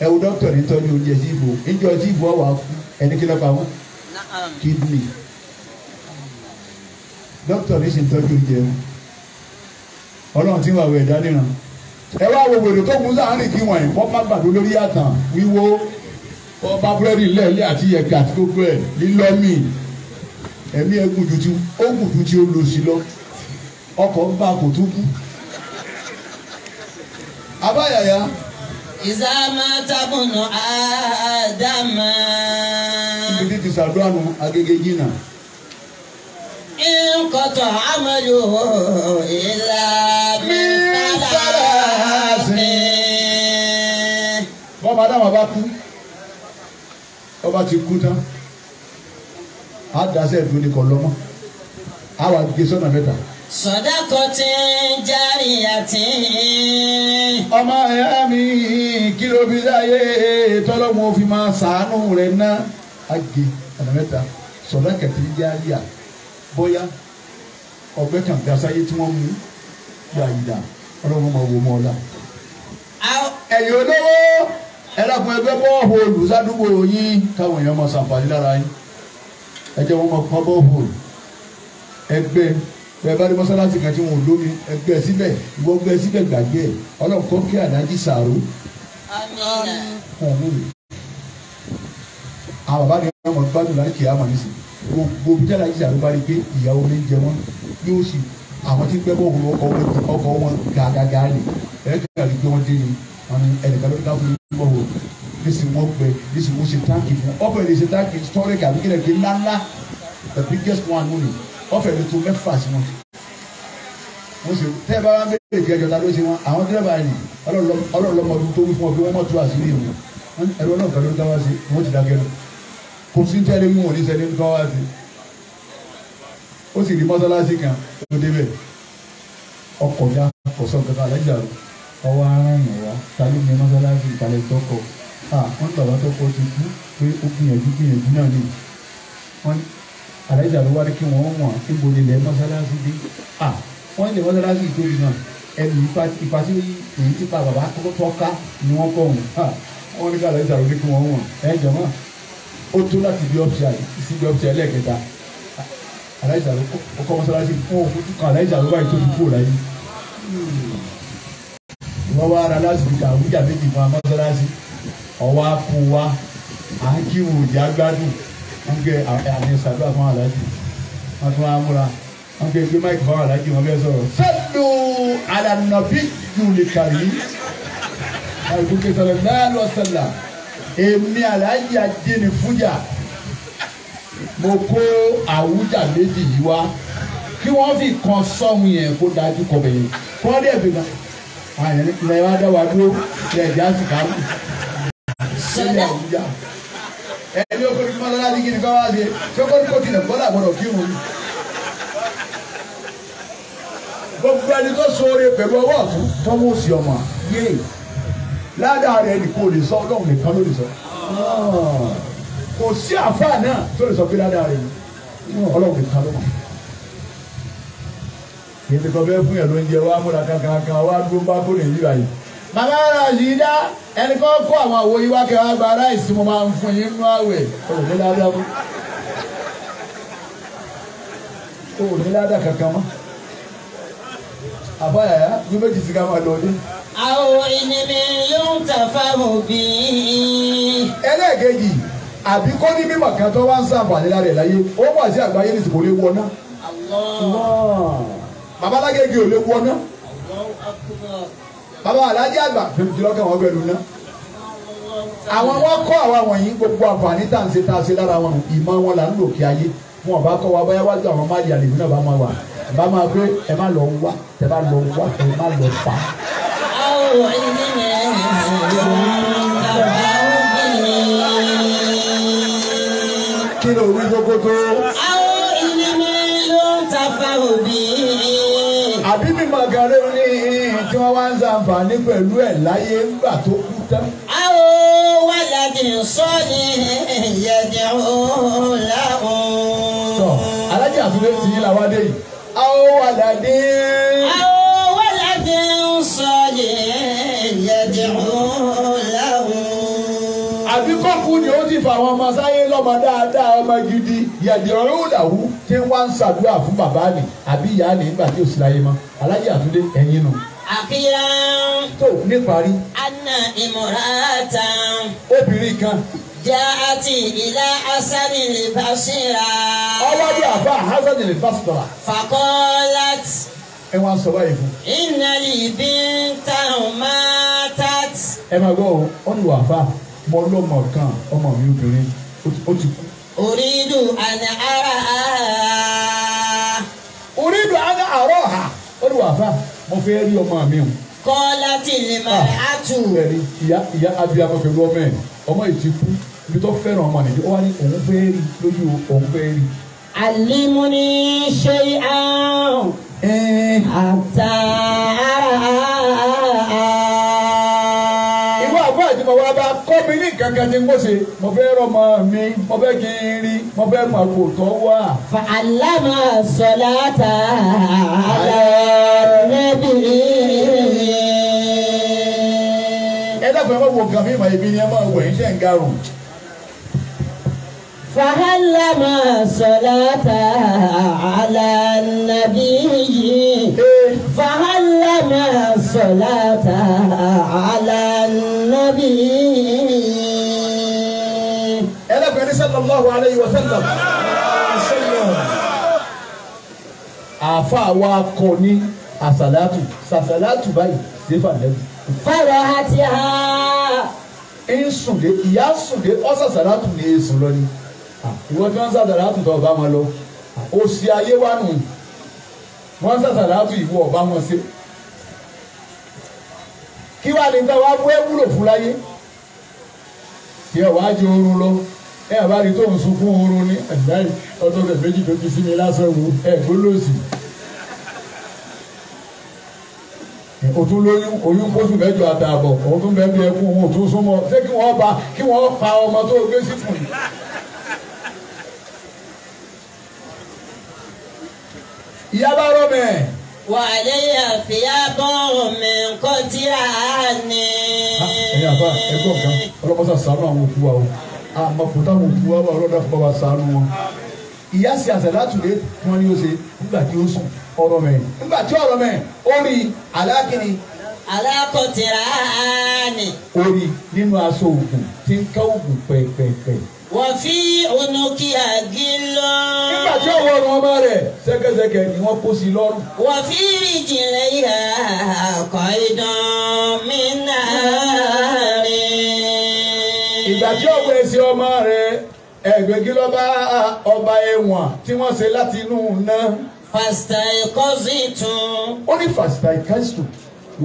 ẹ wo dókítà ní tọ́jú oúnjẹ ṣìbò ìjọ ṣìbò wà ẹni kí lọ́ọ́ pa wọn kidney dókítà ní ṣe ń tọ́jú oúnjẹ tí ń wọ ẹ̀dá níran ẹ wá wo wèrè tó kún sáárín kí wọ̀nyí wọ́n má gbàdúró lórí àtàn wíwó ọba búrẹ́dì lẹ́ẹ̀lẹ́ àti yẹ̀kẹ́ àti gbogbo ẹ̀ lílọ́mì ẹ̀mí ẹ̀gùn ju ti ogun ju ti olùsí lọ ọkọ̀ ń bá kò tó kú. abáyàyà. ìsá tábùnù àádámà. ibi tí ti sàdúrà nu agége jìnnà. انقطع عمله إلا من ثلاث bọ́ba dáwọn bá kú ọba ti kú tán á dasẹ́ ìlú ni kò lọ́mọ́ á wà gé sọ́nà mẹ́ta. sọ́dákọ̀ tí ń járí àti. ọmọ ẹ̀yà mi kí ló láyé tọ́lọ́mù òfin máa ṣàánú rẹ̀ ná á ọ̀nà mẹ́ta sọ́dákọ̀ tí ń àti bóyá ọ̀gbẹ́ kàǹgà sáyé tí wọ́n mú yàyà ọlọ́run máa wò mọ́ ọ́lá. ẹ̀yin olówó ẹlẹ́kùn ẹgbẹ́ bọ́ọ̀hù olùsádùúgbò yín káwọn èèyàn máa ṣàǹfààní lára yín ẹ jẹ́ wọ́n máa pọ́n bọ́ọ̀hù ẹgbẹ́ bẹ́ẹ̀ bá dé mọ́sálásí kan tí wọn ò lómi ẹgbẹ́ síbẹ̀ ìwọ gbẹ́ síbẹ̀ gbàgbé ẹ̀ ọlọ́run kọ́ kí àdájí sàrò. àwọn bàbá mi máa ń gbádùn láì kì í àmọ̀ nísìnyí gbogbo bí jàlá yìí sàlùbá rí pé ìyàwó mi ń jẹ wọn yóò sì àwọn tí ń gbẹ́ bọ́ọ̀lù ọkọ̀ ọkọ̀ wọn gàgàgà rè ẹ̀ẹ́dẹ̀gbà rí pé wọ́n dé ni wọn ni ẹnìkan ló dákú ní bọ́ọ̀lù nísì wọ́n gbẹ nísì wọ́n ṣe táǹkì fún ọbẹ̀ lè ṣe táǹkì storage àbí kílẹ̀ kí ńláńlá the biggest one wọ́n ni ọbẹ̀ lè tó mẹ́fà sí wọn. wọ́n ṣe tẹ́ ẹ bá wá bẹ́ẹ̀ di ẹjọ́ ta ló ṣe wọn àwọn dírẹ́bà rìn ọlọ́ọ̀lọ́mọdún tó wí fún ọ pé wọ́n mọ̀ tó àṣírí wọn ẹ̀rọ náà kàló kò sí tẹ́lẹ̀ mú òní sẹ́ni ní káwá sí ó sì kan tó débẹ̀ ọkọ̀ já kọ̀sọ́ kankan àlẹ́jà ọwọ́ aráyìn wá ta ló ní mọ́sálásí ìkàlẹ̀ tọkọ̀ à wọ́n ní bàbá tọkọ̀ ti kú pé ó gbìyànjú gbìyànjú náà ni wọ́n àlẹ́jà ló wá rí kí wọ́n mọ̀ níbo nílẹ̀ mọ́sálásí dé à wọ́n nílẹ̀ mọ́sálásí ìtòbí náà ẹnu ipa tí èyí ti pa bàbá tó tọ́ka ni wọ́n kọ̀ wọ́n ní kí àlẹ́jà ló ní kí wọ́n mọ̀ ẹ jọ̀mọ́ ó tó láti bí ọ̀pṣà yìí sí bí ọ̀pṣà ẹlẹ́ẹ̀kẹta aláìsà ló kọ́ mọ́sálásí fún òfojú kan aláìsà ló báyìí tó fi kúrò láyé wọ́n wá ara lásìkò àwùjá méjì fún amọ́sálásí ọwọ́ akó wa à ń kí wò di agbádùn wọ́n gé àmì ìsàdúrà fún aláàjì wọ́n tún wá múra wọ́n gé gbé máìkì fún aláàjì wọ́n fẹ́ sọ̀rọ̀ sẹ́lú alànàbí jùlẹ̀ kàrí àìkú kẹsàn-án náà lọ sẹ́lá èmi aláàjì ajínì fújà mo kó àwùjà méjì yìí wá kí wọ́n fi kan sọ́hun yẹn kó dájú kọ bẹ̀yẹn kí wọ́n dẹ̀ bẹ̀rẹ̀ àyẹ̀lẹ̀ wa dá wa dúró ilẹ̀ ìjà sì ká lù sílẹ̀ àwùjà ẹni okòrò kí mọ́lá láti kíni káwá ṣe tí ó kọ́ni kò tilẹ̀ bọ́lá gbọ́dọ̀ kí wọn. gbogbo ẹni tó sọ oore pẹ̀lú ọwọ́ ọ̀tún tọ́wọ́ sí ọmọ yéè ládàá rẹ nìkan ò lè sọ ọlọ́run nìkan ló lè sọ kò sí àfáà náà tó lè sọ pé ládàá rẹ ọlọ́run nìkan ló mọ̀ èmi kan fẹ́ fún yẹn ló ń jẹ wá múra kankan wá dúró bá kó lè yíra yìí. màmá ara yìí dá ẹnì kan kó àwọn àwo yìí wá kẹwàá gba aráàlú mo máa ń fún yín nínú àwẹ̀ ọ̀rọ̀ mi ládàá mú ọ̀rọ̀ mi ládàá kankan mọ́ àbáyà yá bí méjì sí ká máa lọ ọdún àwọn ẹlẹ́ẹ̀kejì àbí kó ní mímọ̀ kan tó wá ń sàǹfààní lára ẹ̀ láyé ó wà sí àgbáyé ní ìsìnkú lè wọná. bàbá alágége ò lè bàbá alájẹ àgbà jùlọ wọn gbẹdùn ná. àwọn wọn kọ́ àwa wọ̀nyí gbogbo àǹfààní tá à ń ṣe tá a ṣe lára wọn ìmọ̀ wọn là ń lò kí ayé wọn bá kọ́ wa báyà wájú àwọn máa yà náà bá máa wà bá máa pé ẹ má lọ wá ẹ má lọ wá ẹ má lọ fà kí ló wí gbogbo. àwọn ìlú ló ń tafa òbí. àbí mímọ gàrí ní tí wọn wá ń ṣàǹfààní pẹ̀lú ẹ̀ láyé ńgbà tó kú tán. àwọn wàlàdì sọ́ọ̀nì ìyẹ̀dẹ̀ òun làwọn. sọ alájà àtúndé tì í làwọn adé yìí. àwọn wàlàdì. àwọn. òun ni ó ti fa àwọn ọmọ sáyé lọ́mọ dáadáa ọmọ gidi yàdìrọ̀rùn òdàwú tí wọ́n ń ṣàdúrà fún bàbá mi àbí ìyá mi nígbà tí ò láyé mọ́ alájì àtúndé ẹ̀yin nù. àkìyà. tó níparí. anna imurata. obìnrin kan. jaati ila hasan al-basira. ọwọ́dí àfa hasan al-basira. fakolat. ẹ wá sọ báyìí fún. ìnàlì bí ń ta máa tà. ẹ máa gbọ́ ọ ọ́ mo lọ́mọ kan ọmọ mi obìnrin ó ti kú. orídù àná ara ha. orídù àná àárọ̀ ha ó ní wàá fà mo fẹ́ rí ọmọ mi o. kọ́lá tí lè máa ah. rẹ̀ á tù. ẹ̀rí ìyá ìyá abiyamọ pẹ̀lú ọmọ ẹ̀ ọmọ yìí ti kú ibi tó fẹ́ràn ọmọ nìyí ó wá ní òun fẹ́ rí lójú òun fẹ́ rí. àlímúni ṣe àrùn. àtàrà. mi ní kankan tí mo mo fẹ́ rọmọ mi mo fẹ́ kí n rí mo fẹ́ mọ kò tọ́ wà. fàlámà sọláta alárẹ́bí. ẹ dábàá máa wo nǹkan mi mà ni ẹ máa wẹ̀ ń ṣe ń garùn. فهلما صلاة على النبي فهلما صلاة على النبي sallallahu alayhi wa sallam. àfa wa kọ ní àsàlátù sàsàlátù báyìí défà lẹ́nu. fọlọ àti ha. ń sùn dé ìyá sùn dé ọ̀sàsàlátù ní èso lọ ni ìwọ tí wọ́n sàsàlátù tó ọba wọn lọ òsì ayé wa nù wọ́n sàsàlátù ìwọ ọba wọn ṣe kí wàá ní ta wàá bú ẹ wúlò tí ẹ wàá jẹ oorun lọ ẹ àbárí tó ń sunkún oorun ní ẹgbẹ́ ọdún rẹ̀ méjì tó fi sí mi lásán wo ẹ gbólóòsì. òtún lóyún oyún kóṣù mẹ́jọ àtààbọ̀ òun tún bẹ́ẹ̀ bí ẹkún òun òtún súnmọ́ ṣé kí wọ́n pa kí wọ́n pa ọmọ tó gbé sí fún yìí. ìyá bá rọ mẹ́. wàlẹ́ àfíà bọ́ mi nǹkan tí a ní. Ah, ẹ̀yin àbá ẹ̀gbọ́n kan ọlọ́mọ sàṣà náà wò fún wa o àmọ̀kúta wò bu wa ọlọ́dà fún bàbá sànú wọn ìyá sì àṣẹ látùlé wọn ni ó ṣe nígbà tí ó sùn ọ̀rọ̀ mẹ nígbà tí ọ̀rọ̀ mẹ ó rí alákọ̀tìrá ni. ó nínú aṣọ òògùn tí ń ká òògùn pẹ̀pẹ̀pẹ̀. wọ́n fi onuki àgé lọ. nígbà tí ọwọ́ ọ̀rọ̀ ọmọ rẹ̀ ṣẹ́kẹ́ṣẹkẹ̀ ni wọ́n kó sí lọ́rùn. wọ́n fi ìjìnlẹ̀ yà àkọ́ ìdán mi náà yọ̀wé sí ọmọ rẹ̀ ẹ̀gbẹ́gi lọ́ba ọba ẹ̀wọ̀n tí wọ́n ṣe láti inú náà. fàṣítà ẹ̀kọ́ sí tún. ó ní fàṣítà ẹ̀kọ́ sí tún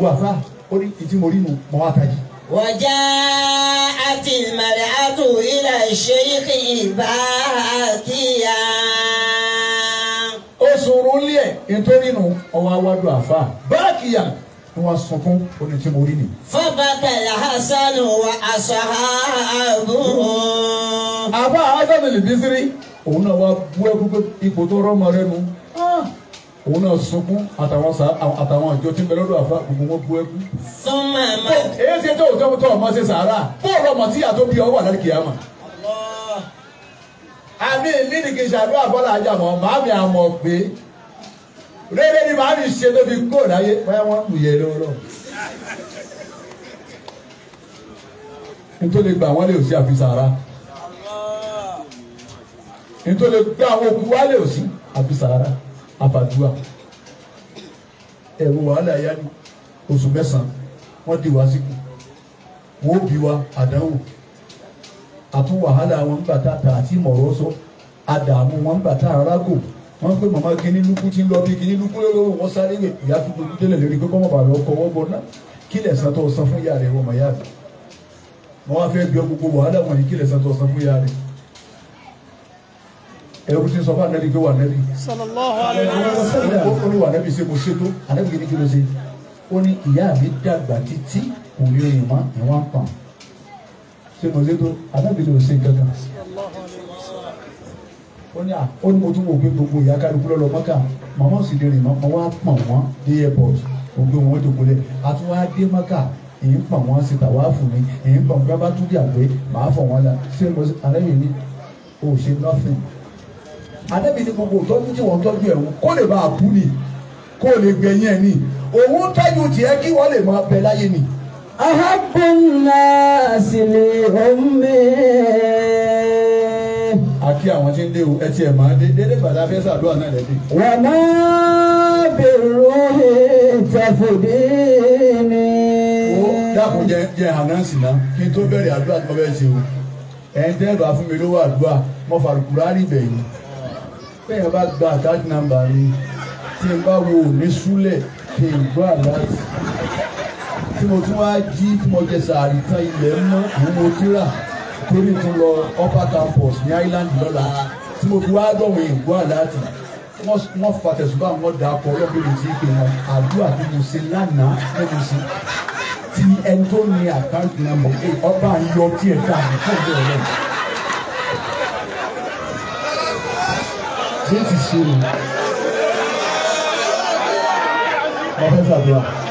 wà fà ó ní ìdí mo rí nu mọ́ àtàjì. وجاءت المرأة إلى الشيخ باكيا ó sọ̀rọ̀ lé ẹ̀ nítorí nu ọwọ́ awádùn àfa báàkì yàn ni wọ́n sunkún oní tí mo rí ni. fọ́bàkàlà hasanu wa asahabu. àbá ádámù lè bísírí òun náà wá bú ẹkú ipò tó rọ́mọ rẹ nu ah. òun náà sunkún àtàwọn àjọ tí ń àfa gbogbo wọn bú ẹkú. sọmọ àmà. èyí ṣe tó òjò tó ọmọ ṣe sàárà bóòlù ọmọ tí ìyá bí ọ wà lálẹ́ kìyàmà àmì ìlú ni kì bọ́lá ajá mọ́ àmọ̀ pé rere ni bàbá mi ṣe tó fi kó láyé báyà wọn kù yẹ lọ́wọ́ nítorí gbà wọn lè ò sí àfisàrà nítorí gbà wọn òkú wa lè ò sí àfisàrà àfàdúrà ẹ̀rù wàhálà yá ni oṣù mẹ́sàn-án wọ́n di wá síkù wọ́n bí wa àdánwò àtún wàhálà wọn ń gbà tá àti mọ̀rọ́ sọ àdààmú wọn gbà tá àrágò wọ́n pè màmá kínní lukú ti ń lọ bí kínní lukú lọ́wọ́ wọ́n sáré wẹ̀ ìyá tó dojú délẹ̀ lórí pé kọ́mọ̀ bàbá ọkọ̀ wọ́gbọ́n náà kí lẹ̀ sàn tó san fún ìyá rẹ̀ wọ́n mọ̀ yá rẹ̀ wọ́n á fẹ́ bí ọ gbogbo wàhálà wọ̀nyí kí lẹ̀ sàn tó san fún ìyá rẹ̀ ẹ̀rù ti sọ fún anabi pé wà nẹ́bi ó ní wà nẹ́bi ṣe kò ṣe tó anabi kìíní kìíní ṣe ó ní ìyá mi dàgbà títí kò rí ìwọ̀n ìwọ̀n pàm ṣe kò ṣe tó anabi ló ṣe gángan ó ní à ó ní mo tún wò pé gbogbo ìyá kálukú lọ́lọ́ mọ́kà màmá ò sì lè rìn mọ́ wá pọ̀n wọ́n dé airport ògbé wọn tó gbolẹ̀ àtúwá dé mọ́kà èyí ń pọ̀n wọ́n sí tàwa fún mi èyí ń wọ́n bá tún dé àgbẹ̀ màá fọ̀ wọ́n la ṣé mo ṣe àlẹ́yìn ni o ṣe nothing àdẹ́bí ni gbogbo ìtọ́jú tí wọ́n tọ́jú ẹ̀wọ̀n kó lè bá kú ni kó lè gbẹ̀yìn ẹ̀ ni òun tẹ́jú tiẹ̀ kí wọ́n lè máa bẹ láyé ni. ahabunna sílẹ̀ ọ̀mẹ́ àti àwọn tí ń dé o ẹ tiẹ̀ máa dé dédé bàtà fẹ́ sàdúrà náà lẹ́dí. wà á bẹ̀rù òye ìtẹ̀fòdì ni. ó dàpọ̀ jẹ jẹ ànánsì náà kí n tó bẹ̀rẹ̀ àdúrà tó bẹ́ẹ̀ ṣe o ẹ̀yin tẹ́ bá fún mi lówó àdúrà mo fàlùkùrárì bẹ̀yìn bẹ́ẹ̀ bá gba àkáàtì nàmbà mi tí n bá wo òní súlẹ̀ kí n gbọ́ àláàtì tí mo tún wá jí tí mo jẹ sàárì tán ilẹ̀ mọ́ àwọn mo kíra torí mo lọ upper campus ní island lọ́la tí mo fi wá dọ̀wọ̀ èèbó àláàtì wọ́n fa wọn dà pọ̀ lọ́gbẹ̀rẹ̀ tí kì í wọn àdúrà tí mo ṣe lánàá lẹ́nu sí ti ẹni tó ní àkáǹtì náà mọ̀ ọba ń yọ tí ẹ̀ dà mí fún ìbẹ̀rẹ̀ lẹ́yìn. Jésù ṣe é. Bàbá ìṣàdúrà.